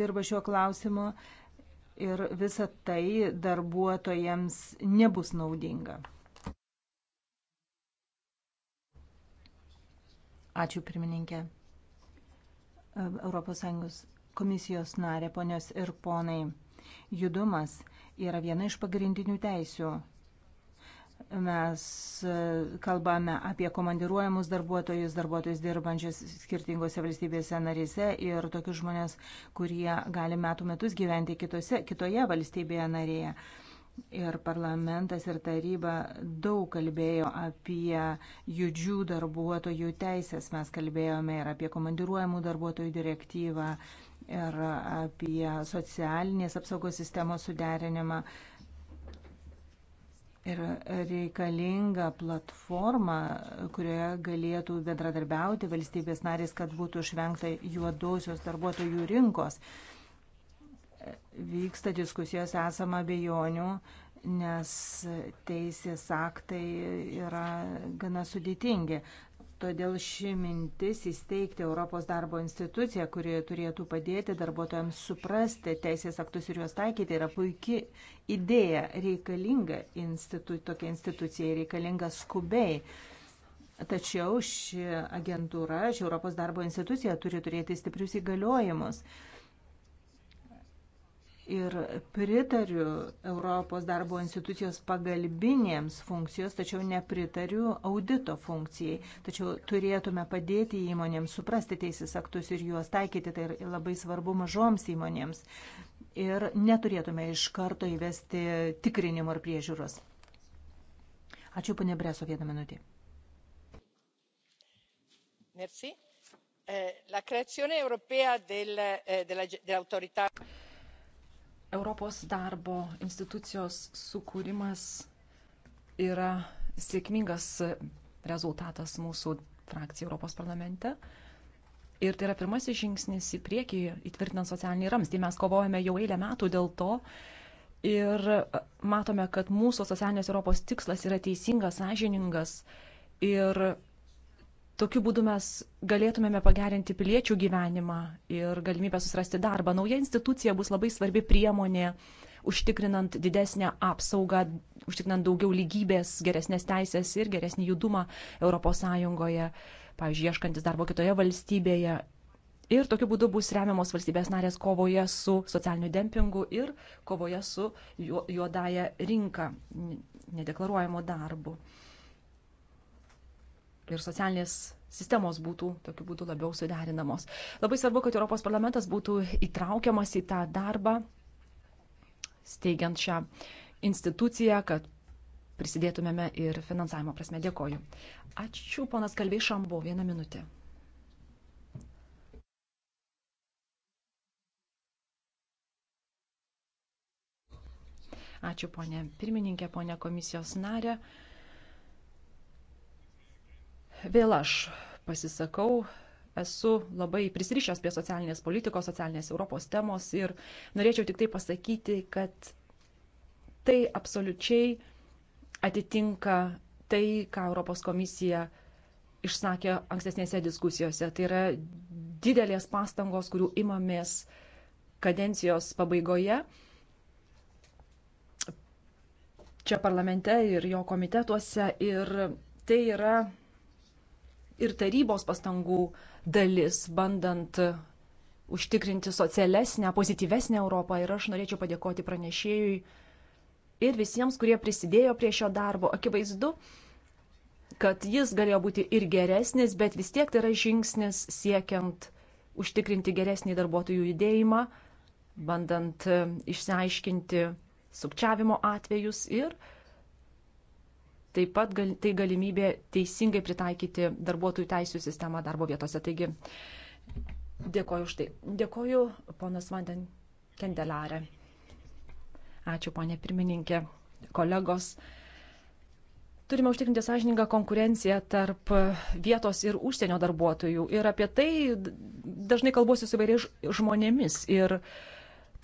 dirba šiuo klausimu ir visa tai darbuotojams nebus naudinga. Ačiū pirmininkė. ES komisijos narė, ponios ir ponai. Judumas yra viena iš pagrindinių teisių mes e, kalbame apie komandiruojamus darbuotojus, darbuotojus dirbančius skirtingose valstybėse narėse ir tokius žmonės, kurie gali metų metus gyventi kitose, kitoje valstybėje narėje. Ir parlamentas ir taryba daug kalbėjo apie judžių darbuotojų teisės. Mes kalbėjome ir apie komandiruojamų darbuotojų direktyvą, ir apie socialinės apsaugos sistemos suderinimą. Uh, Ir reikalinga platforma, kurioje galėtų bendradarbiauti valstybės narės, kad būtų išvengta juodosios darbuotojų rinkos. Vyksta diskusijos esama bejonių, nes teisės aktai yra gana sudėtingi. Todėl ši mintis įsteigti Europos darbo instituciją, kuri turėtų padėti darbuotojams suprasti teisės aktus ir juos taikyti, yra puikia idėja, reikalinga institu, tokia institucija, reikalinga skubiai. Tačiau ši agentūra, ši Europos darbo institucija turi turėti stiprius įgaliojimus ir pritariu Europos darbo institucijos pagalbinėms funkcijos, tačiau nepritariu audito funkcijai. Tačiau turėtume padėti įmonėms suprasti teisės aktus ir juos taikyti, tai labai svarbu mažoms įmonėms. Ir neturėtume iš karto įvesti tikrinimo ar priežiūros. Ačiū, ponė Breso, vieną minutį. Merci. Eh, la creazione europea del, eh, dell'autorità. Della Europos darbo institucijos sukūrimas yra sėkmingas rezultatas mūsų frakcijai Europos parlamente. Ir tai yra pirmasis žingsnis į priekį įtvirtinant socialinį ramstį. Mes kovojame jau eilę metų dėl to ir matome, kad mūsų socialinės Europos tikslas yra teisingas, sąžiningas ir Tokiu būdu mes galėtumėme pagerinti piliečių gyvenimą ir galimybę susirasti darbą. Nauja institucija bus labai svarbi priemonė, užtikrinant didesnę apsaugą, užtikrinant daugiau lygybės, geresnės teisės ir geresnį judumą ES, pavyzdžiui, ieškantis darbo kitoje valstybėje. Ir tokiu būdu bus remiamos valstybės narės kovoje su socialiniu dempingu ir kovoje su juodaja rinka nedeklaruojamo darbu ir socialinės sistemos būtų tokiu būdu labiau suderinamos. Labai svarbu, kad Europos parlamentas būtų įtraukiamas į tą darbą, steigiant šią instituciją, kad prisidėtumėme ir finansavimo prasme. Dėkoju. Ačiū, ponas Kalviai Šambo, vieną minutę. Ačiū, ponė pirmininkė, ponė komisijos narė. Vėl aš pasisakau, esu labai prisirišęs prie socialinės politikos, socialinės Europos temos ir norėčiau tik tai pasakyti, kad tai absoliučiai atitinka tai, ką Europos komisija išsakė ankstesnėse diskusijose. Tai yra didelės pastangos, kurių imamės kadencijos pabaigoje čia parlamente ir jo komitetuose. Ir tai yra ir tarybos pastangų dalis, bandant užtikrinti socialesnę, pozityvesnę Europą. Ir aš norėčiau padėkoti pranešėjui ir visiems, kurie prisidėjo prie šio darbo. Akivaizdu, kad jis galėjo būti ir geresnis, bet vis tiek tai yra žingsnis siekiant užtikrinti geresnį darbuotojų judėjimą, bandant išsiaiškinti sukčiavimo atvejus ir Taip pat gal, tai galimybė teisingai pritaikyti darbuotojų teisų sistemą darbo vietose. Taigi dėkoju už tai. Dėkoju, ponas Vanden Kendelarė. Ačiū, ponė pirmininkė, kolegos. Turime užtikrinti sąžiningą konkurenciją tarp vietos ir užsienio darbuotojų. Ir apie tai dažnai kalbuosiu su įvairiais žmonėmis. Ir uh,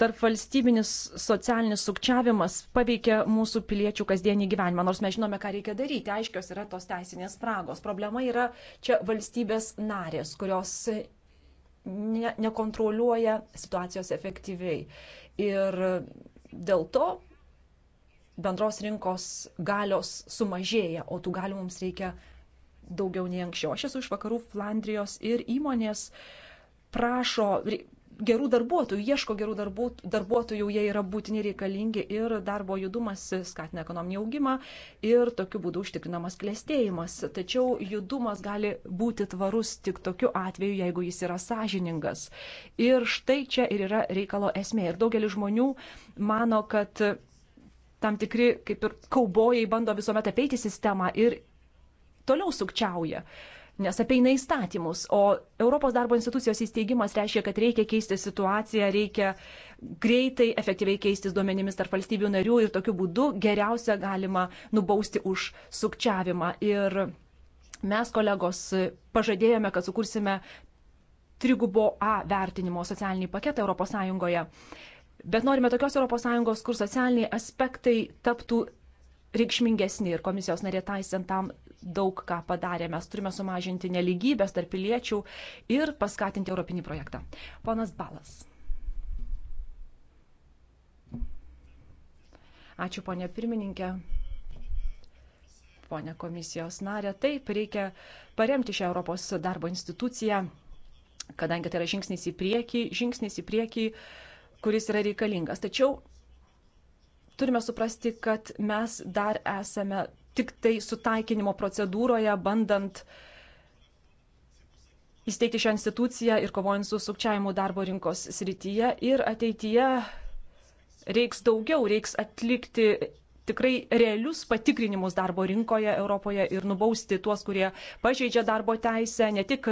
tarp valstybinis socialinis sukčiavimas paveikia mūsų piliečių kasdienį gyvenimą, nors mes žinome, ką reikia daryti, aiškios yra tos teisinės spragos. Problema yra čia valstybės narės, kurios ne, nekontroliuoja situacijos efektyviai. Ir dėl to bendros rinkos galios sumažėja, o tų galių mums reikia daugiau nei anksčiau. Aš esu iš vakarų Flandrijos ir įmonės prašo gerų darbuotojų, ieško gerų darbuotojų, jie yra būtini reikalingi ir darbo judumas skatina ekonominį augimą ir tokiu būdu užtikrinamas klėstėjimas. Tačiau judumas gali būti tvarus tik tokiu atveju, jeigu jis yra sąžiningas. Ir štai čia ir yra reikalo esmė. Ir daugelis žmonių mano, kad tam tikri kaip ir kaubojai bando visuomet apeiti sistemą ir toliau sukčiauja. Uh, nes apeina įstatymus. O Europos darbo institucijos įsteigimas reiškia, kad reikia keisti situaciją, reikia greitai, efektyviai keistis duomenimis tarp valstybių narių ir tokiu būdu geriausia galima nubausti už sukčiavimą. Ir mes, kolegos, pažadėjome, kad sukursime trigubo A vertinimo socialinį paketą ES. Bet norime tokios ES, kur socialiniai aspektai taptų reikšmingesni ir komisijos narė Taisen tam daug ką padarė. Mes turime sumažinti neligybės tarp piliečių ir paskatinti europinį projektą. Ponas Balas. Ačiū, ponė pirmininkė. Pone komisijos narė, taip reikia paremti šią Europos darbo instituciją, kadangi tai yra žingsnis į priekį, žingsnis į priekį, kuris yra reikalingas. Tačiau turime suprasti, kad mes dar esame tik tai sutaikinimo procedūroje, bandant įsteigti šią instituciją ir kovojant su sukčiavimu darbo rinkos srityje. Ir ateityje reiks daugiau, reiks atlikti tikrai realius patikrinimus darbo rinkoje Europoje ir nubausti tuos, kurie pažeidžia darbo teisę, ne tik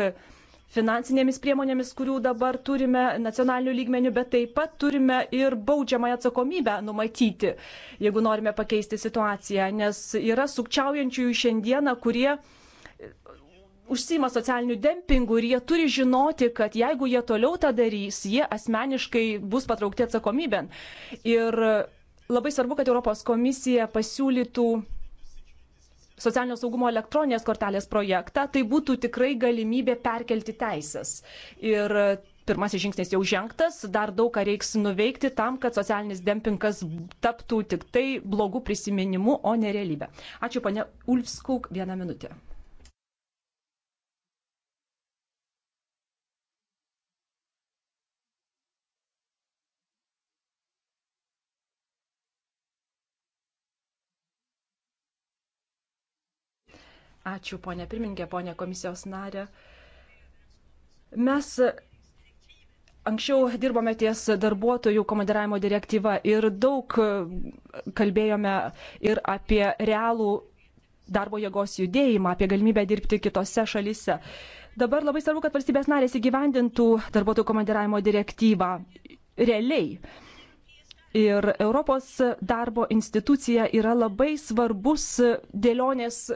finansinėmis priemonėmis, kurių dabar turime nacionalinių lygmenių, bet taip pat turime ir baudžiamąją atsakomybę numatyti, jeigu norime pakeisti situaciją, nes yra sukčiaujančiųjų šiandieną, kurie užsima socialiniu dempingu ir jie turi žinoti, kad jeigu jie toliau tą darys, jie asmeniškai bus patraukti atsakomybėn. Ir labai svarbu, kad Europos komisija pasiūlytų socialinio saugumo elektroninės kortelės projektą, tai būtų tikrai galimybė perkelti teisės. Ir pirmasis žingsnis jau žengtas, dar daug ką reiks nuveikti tam, kad socialinis dempingas taptų tik tai blogų prisiminimų, o ne realybė. Ačiū, ponia Ulfskuk, vieną minutę. Ačiū, ponė pirmininkė, ponė komisijos narė. Mes anksčiau dirbome ties darbuotojų komandiravimo direktyva ir daug kalbėjome ir apie realų darbo jėgos judėjimą, apie galimybę dirbti kitose šalyse. Dabar labai svarbu, kad valstybės narės įgyvendintų darbuotojų komandiravimo direktyvą realiai. Ir Europos darbo institucija yra labai svarbus dėlionės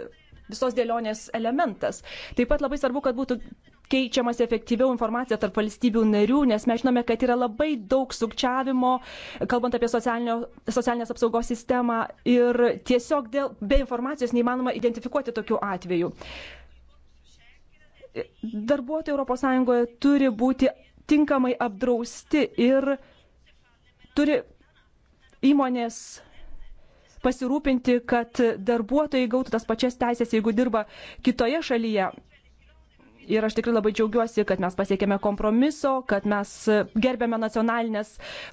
visos dėlionės elementas. Taip pat labai svarbu, kad būtų keičiamas efektyviau informacija tarp valstybių narių, nes mes žinome, kad yra labai daug sukčiavimo, kalbant apie socialinės apsaugos sistemą ir tiesiog dėl, be informacijos neįmanoma identifikuoti tokių atvejų. Darbuotojai ES turi būti tinkamai apdrausti ir turi įmonės pasirūpinti, kad darbuotojai gautų tas pačias teisės, jeigu dirba kitoje šalyje. Ir aš tikrai labai džiaugiuosi, kad mes pasiekėme kompromiso, kad mes gerbėme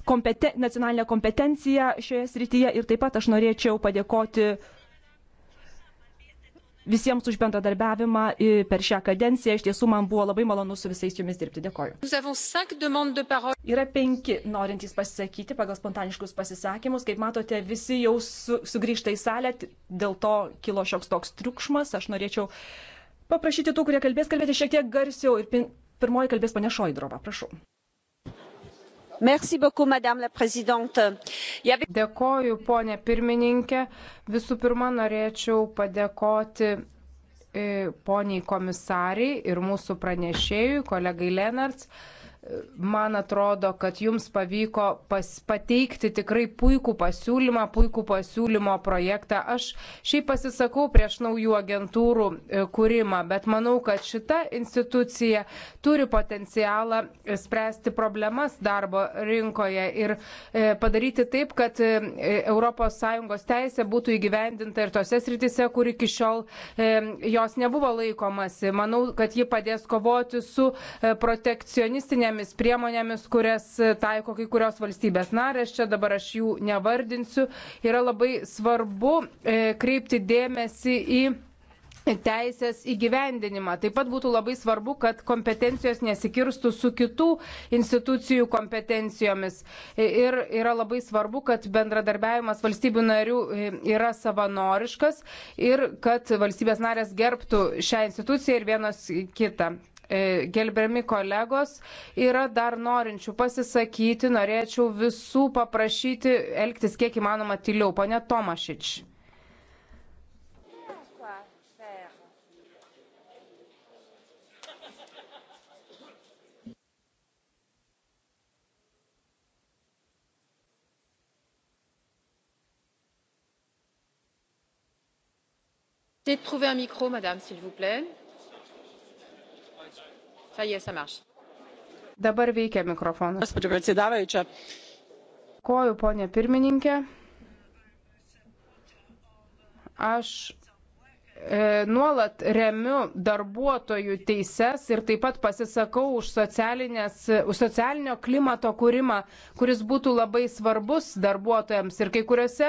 kompeten nacionalinę kompetenciją šioje srityje. Ir taip pat aš norėčiau padėkoti visiems už bendradarbiavimą per šią kadenciją. Iš tiesų, man buvo labai malonu su visais jumis dirbti. Dėkoju. Yra penki norintys pasisakyti pagal spontaniškus pasisakymus. Kaip matote, visi jau su, sugrįžta į salę, dėl to kilo šioks toks triukšmas. Aš norėčiau paprašyti tų, kurie kalbės, kalbėti šiek tiek garsiau. Ir pin... pirmoji kalbės ponia Šoidrova, prašau. Dėkoju, ponė pirmininkė. Visų pirma, norėčiau padėkoti e, poniai komisariai ir mūsų pranešėjui, kolegai Lenarts man atrodo, kad jums pavyko pas, pateikti tikrai puikų pasiūlymą, puikų pasiūlymo projektą. Aš šiaip pasisakau prieš naujų agentūrų e, kūrimą, bet manau, kad šita institucija turi potencialą e, spręsti problemas darbo rinkoje ir e, padaryti taip, kad ES teisė būtų įgyvendinta ir tose sritise, kur iki šiol jos nebuvo laikomasi. Manau, kad ji padės kovoti su protekcionistinė techninėmis priemonėmis, kurias e, taiko kai kurios valstybės narės, čia dabar aš jų nevardinsiu, yra labai svarbu e, kreipti dėmesį į teisės įgyvendinimą. Taip pat būtų labai svarbu, kad kompetencijos nesikirstų su kitų institucijų kompetencijomis. E, ir yra labai svarbu, kad bendradarbiavimas valstybių narių yra savanoriškas ir kad valstybės narės gerbtų šią instituciją ir vienas kitą. E, gelbiami kolegos. Yra dar norinčių pasisakyti, norėčiau visų paprašyti elgtis kiek įmanoma tyliau. Pone Tomašič. essayez de trouver un micro madame s'il vous plaît. Dabar veikia mikrofonas. Koju, ponė pirmininkė. Aš E, nuolat remiu darbuotojų teises ir taip pat pasisakau už, už socialinio klimato kūrimą, kuris būtų labai svarbus darbuotojams. Ir kai kuriuose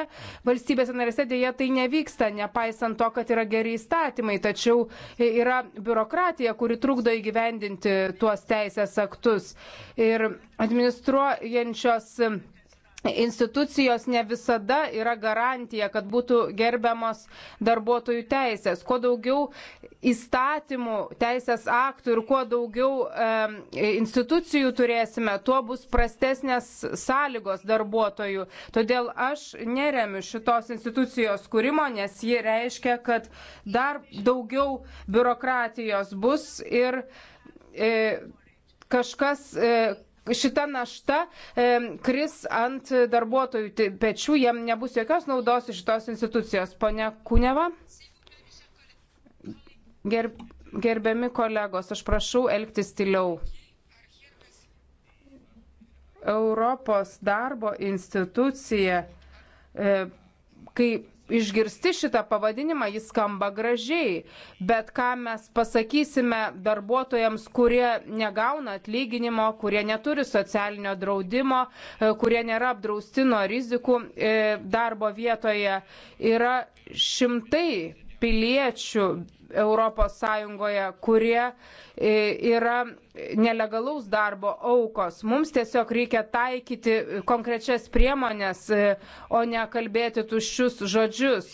valstybėse narėse dėja tai nevyksta, nepaisant to, kad yra geri įstatymai, tačiau yra biurokratija, kuri trukdo įgyvendinti tuos teisės aktus. Ir administruojančios institucijos ne visada yra garantija, kad būtų gerbiamos darbuotojų teisės. Kuo daugiau įstatymų, teisės aktų ir kuo daugiau e, institucijų turėsime, tuo bus prastesnės sąlygos darbuotojų. Todėl aš neremiu šitos institucijos kūrimo, nes ji reiškia, kad dar daugiau biurokratijos bus ir e, kažkas. E, šita našta e, kris ant darbuotojų pečių, jiem nebus jokios naudos iš šitos institucijos. Pone Kūneva, ger, gerbiami kolegos, aš prašau elgtis tiliau. Europos darbo institucija, e, kai išgirsti šitą pavadinimą, jis skamba gražiai, bet ką mes pasakysime darbuotojams, kurie negauna atlyginimo, kurie neturi socialinio draudimo, e, kurie nėra apdrausti nuo rizikų e, darbo vietoje, yra šimtai piliečių ES, kurie e, yra nelegalaus darbo aukos. Mums tiesiog reikia taikyti konkrečias priemonės, e, o ne kalbėti tuščius žodžius.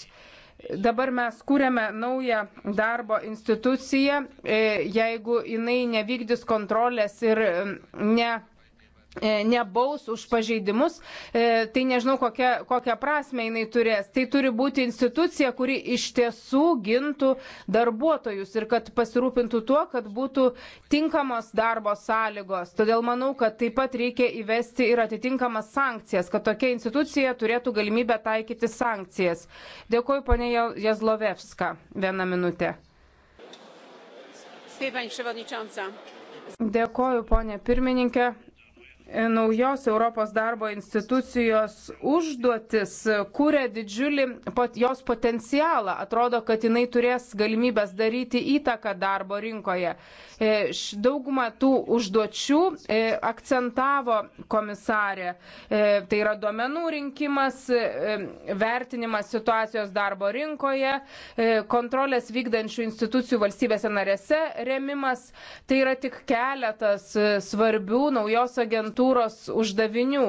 Dabar mes kūrėme naują darbo instituciją, e, jeigu jinai nevykdys kontrolės ir ne E, nebaus už pažeidimus, e, tai nežinau, kokią, kokią prasme jinai turės. Tai turi būti institucija, kuri iš tiesų gintų darbuotojus ir kad pasirūpintų tuo, kad būtų tinkamos darbo sąlygos. Todėl manau, kad taip pat reikia įvesti ir atitinkamas sankcijas, kad tokia institucija turėtų galimybę taikyti sankcijas. Dėkuoju, ponė Jazlovevska. Vieną minutę. Dėkuoju, ponė pirmininkė. E, naujos Europos darbo institucijos užduotis e, kūrė didžiulį pat jos potencialą. Atrodo, kad jinai turės galimybės daryti įtaką darbo rinkoje. E, Daugumą tų užduočių akcentavo komisarė. Tai yra duomenų rinkimas, vertinimas situacijos darbo rinkoje, kontrolės vykdančių institucijų valstybėse narėse remimas. Tai yra tik keletas svarbių naujos agentūros agentūros uždavinių.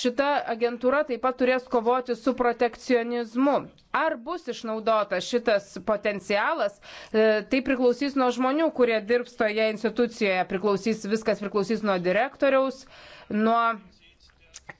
Šita agentūra taip pat turės kovoti su protekcionizmu. Ar bus išnaudotas šitas potencialas, e, tai priklausys nuo žmonių, kurie dirbs toje institucijoje. Priklausys, viskas priklausys nuo direktoriaus, nuo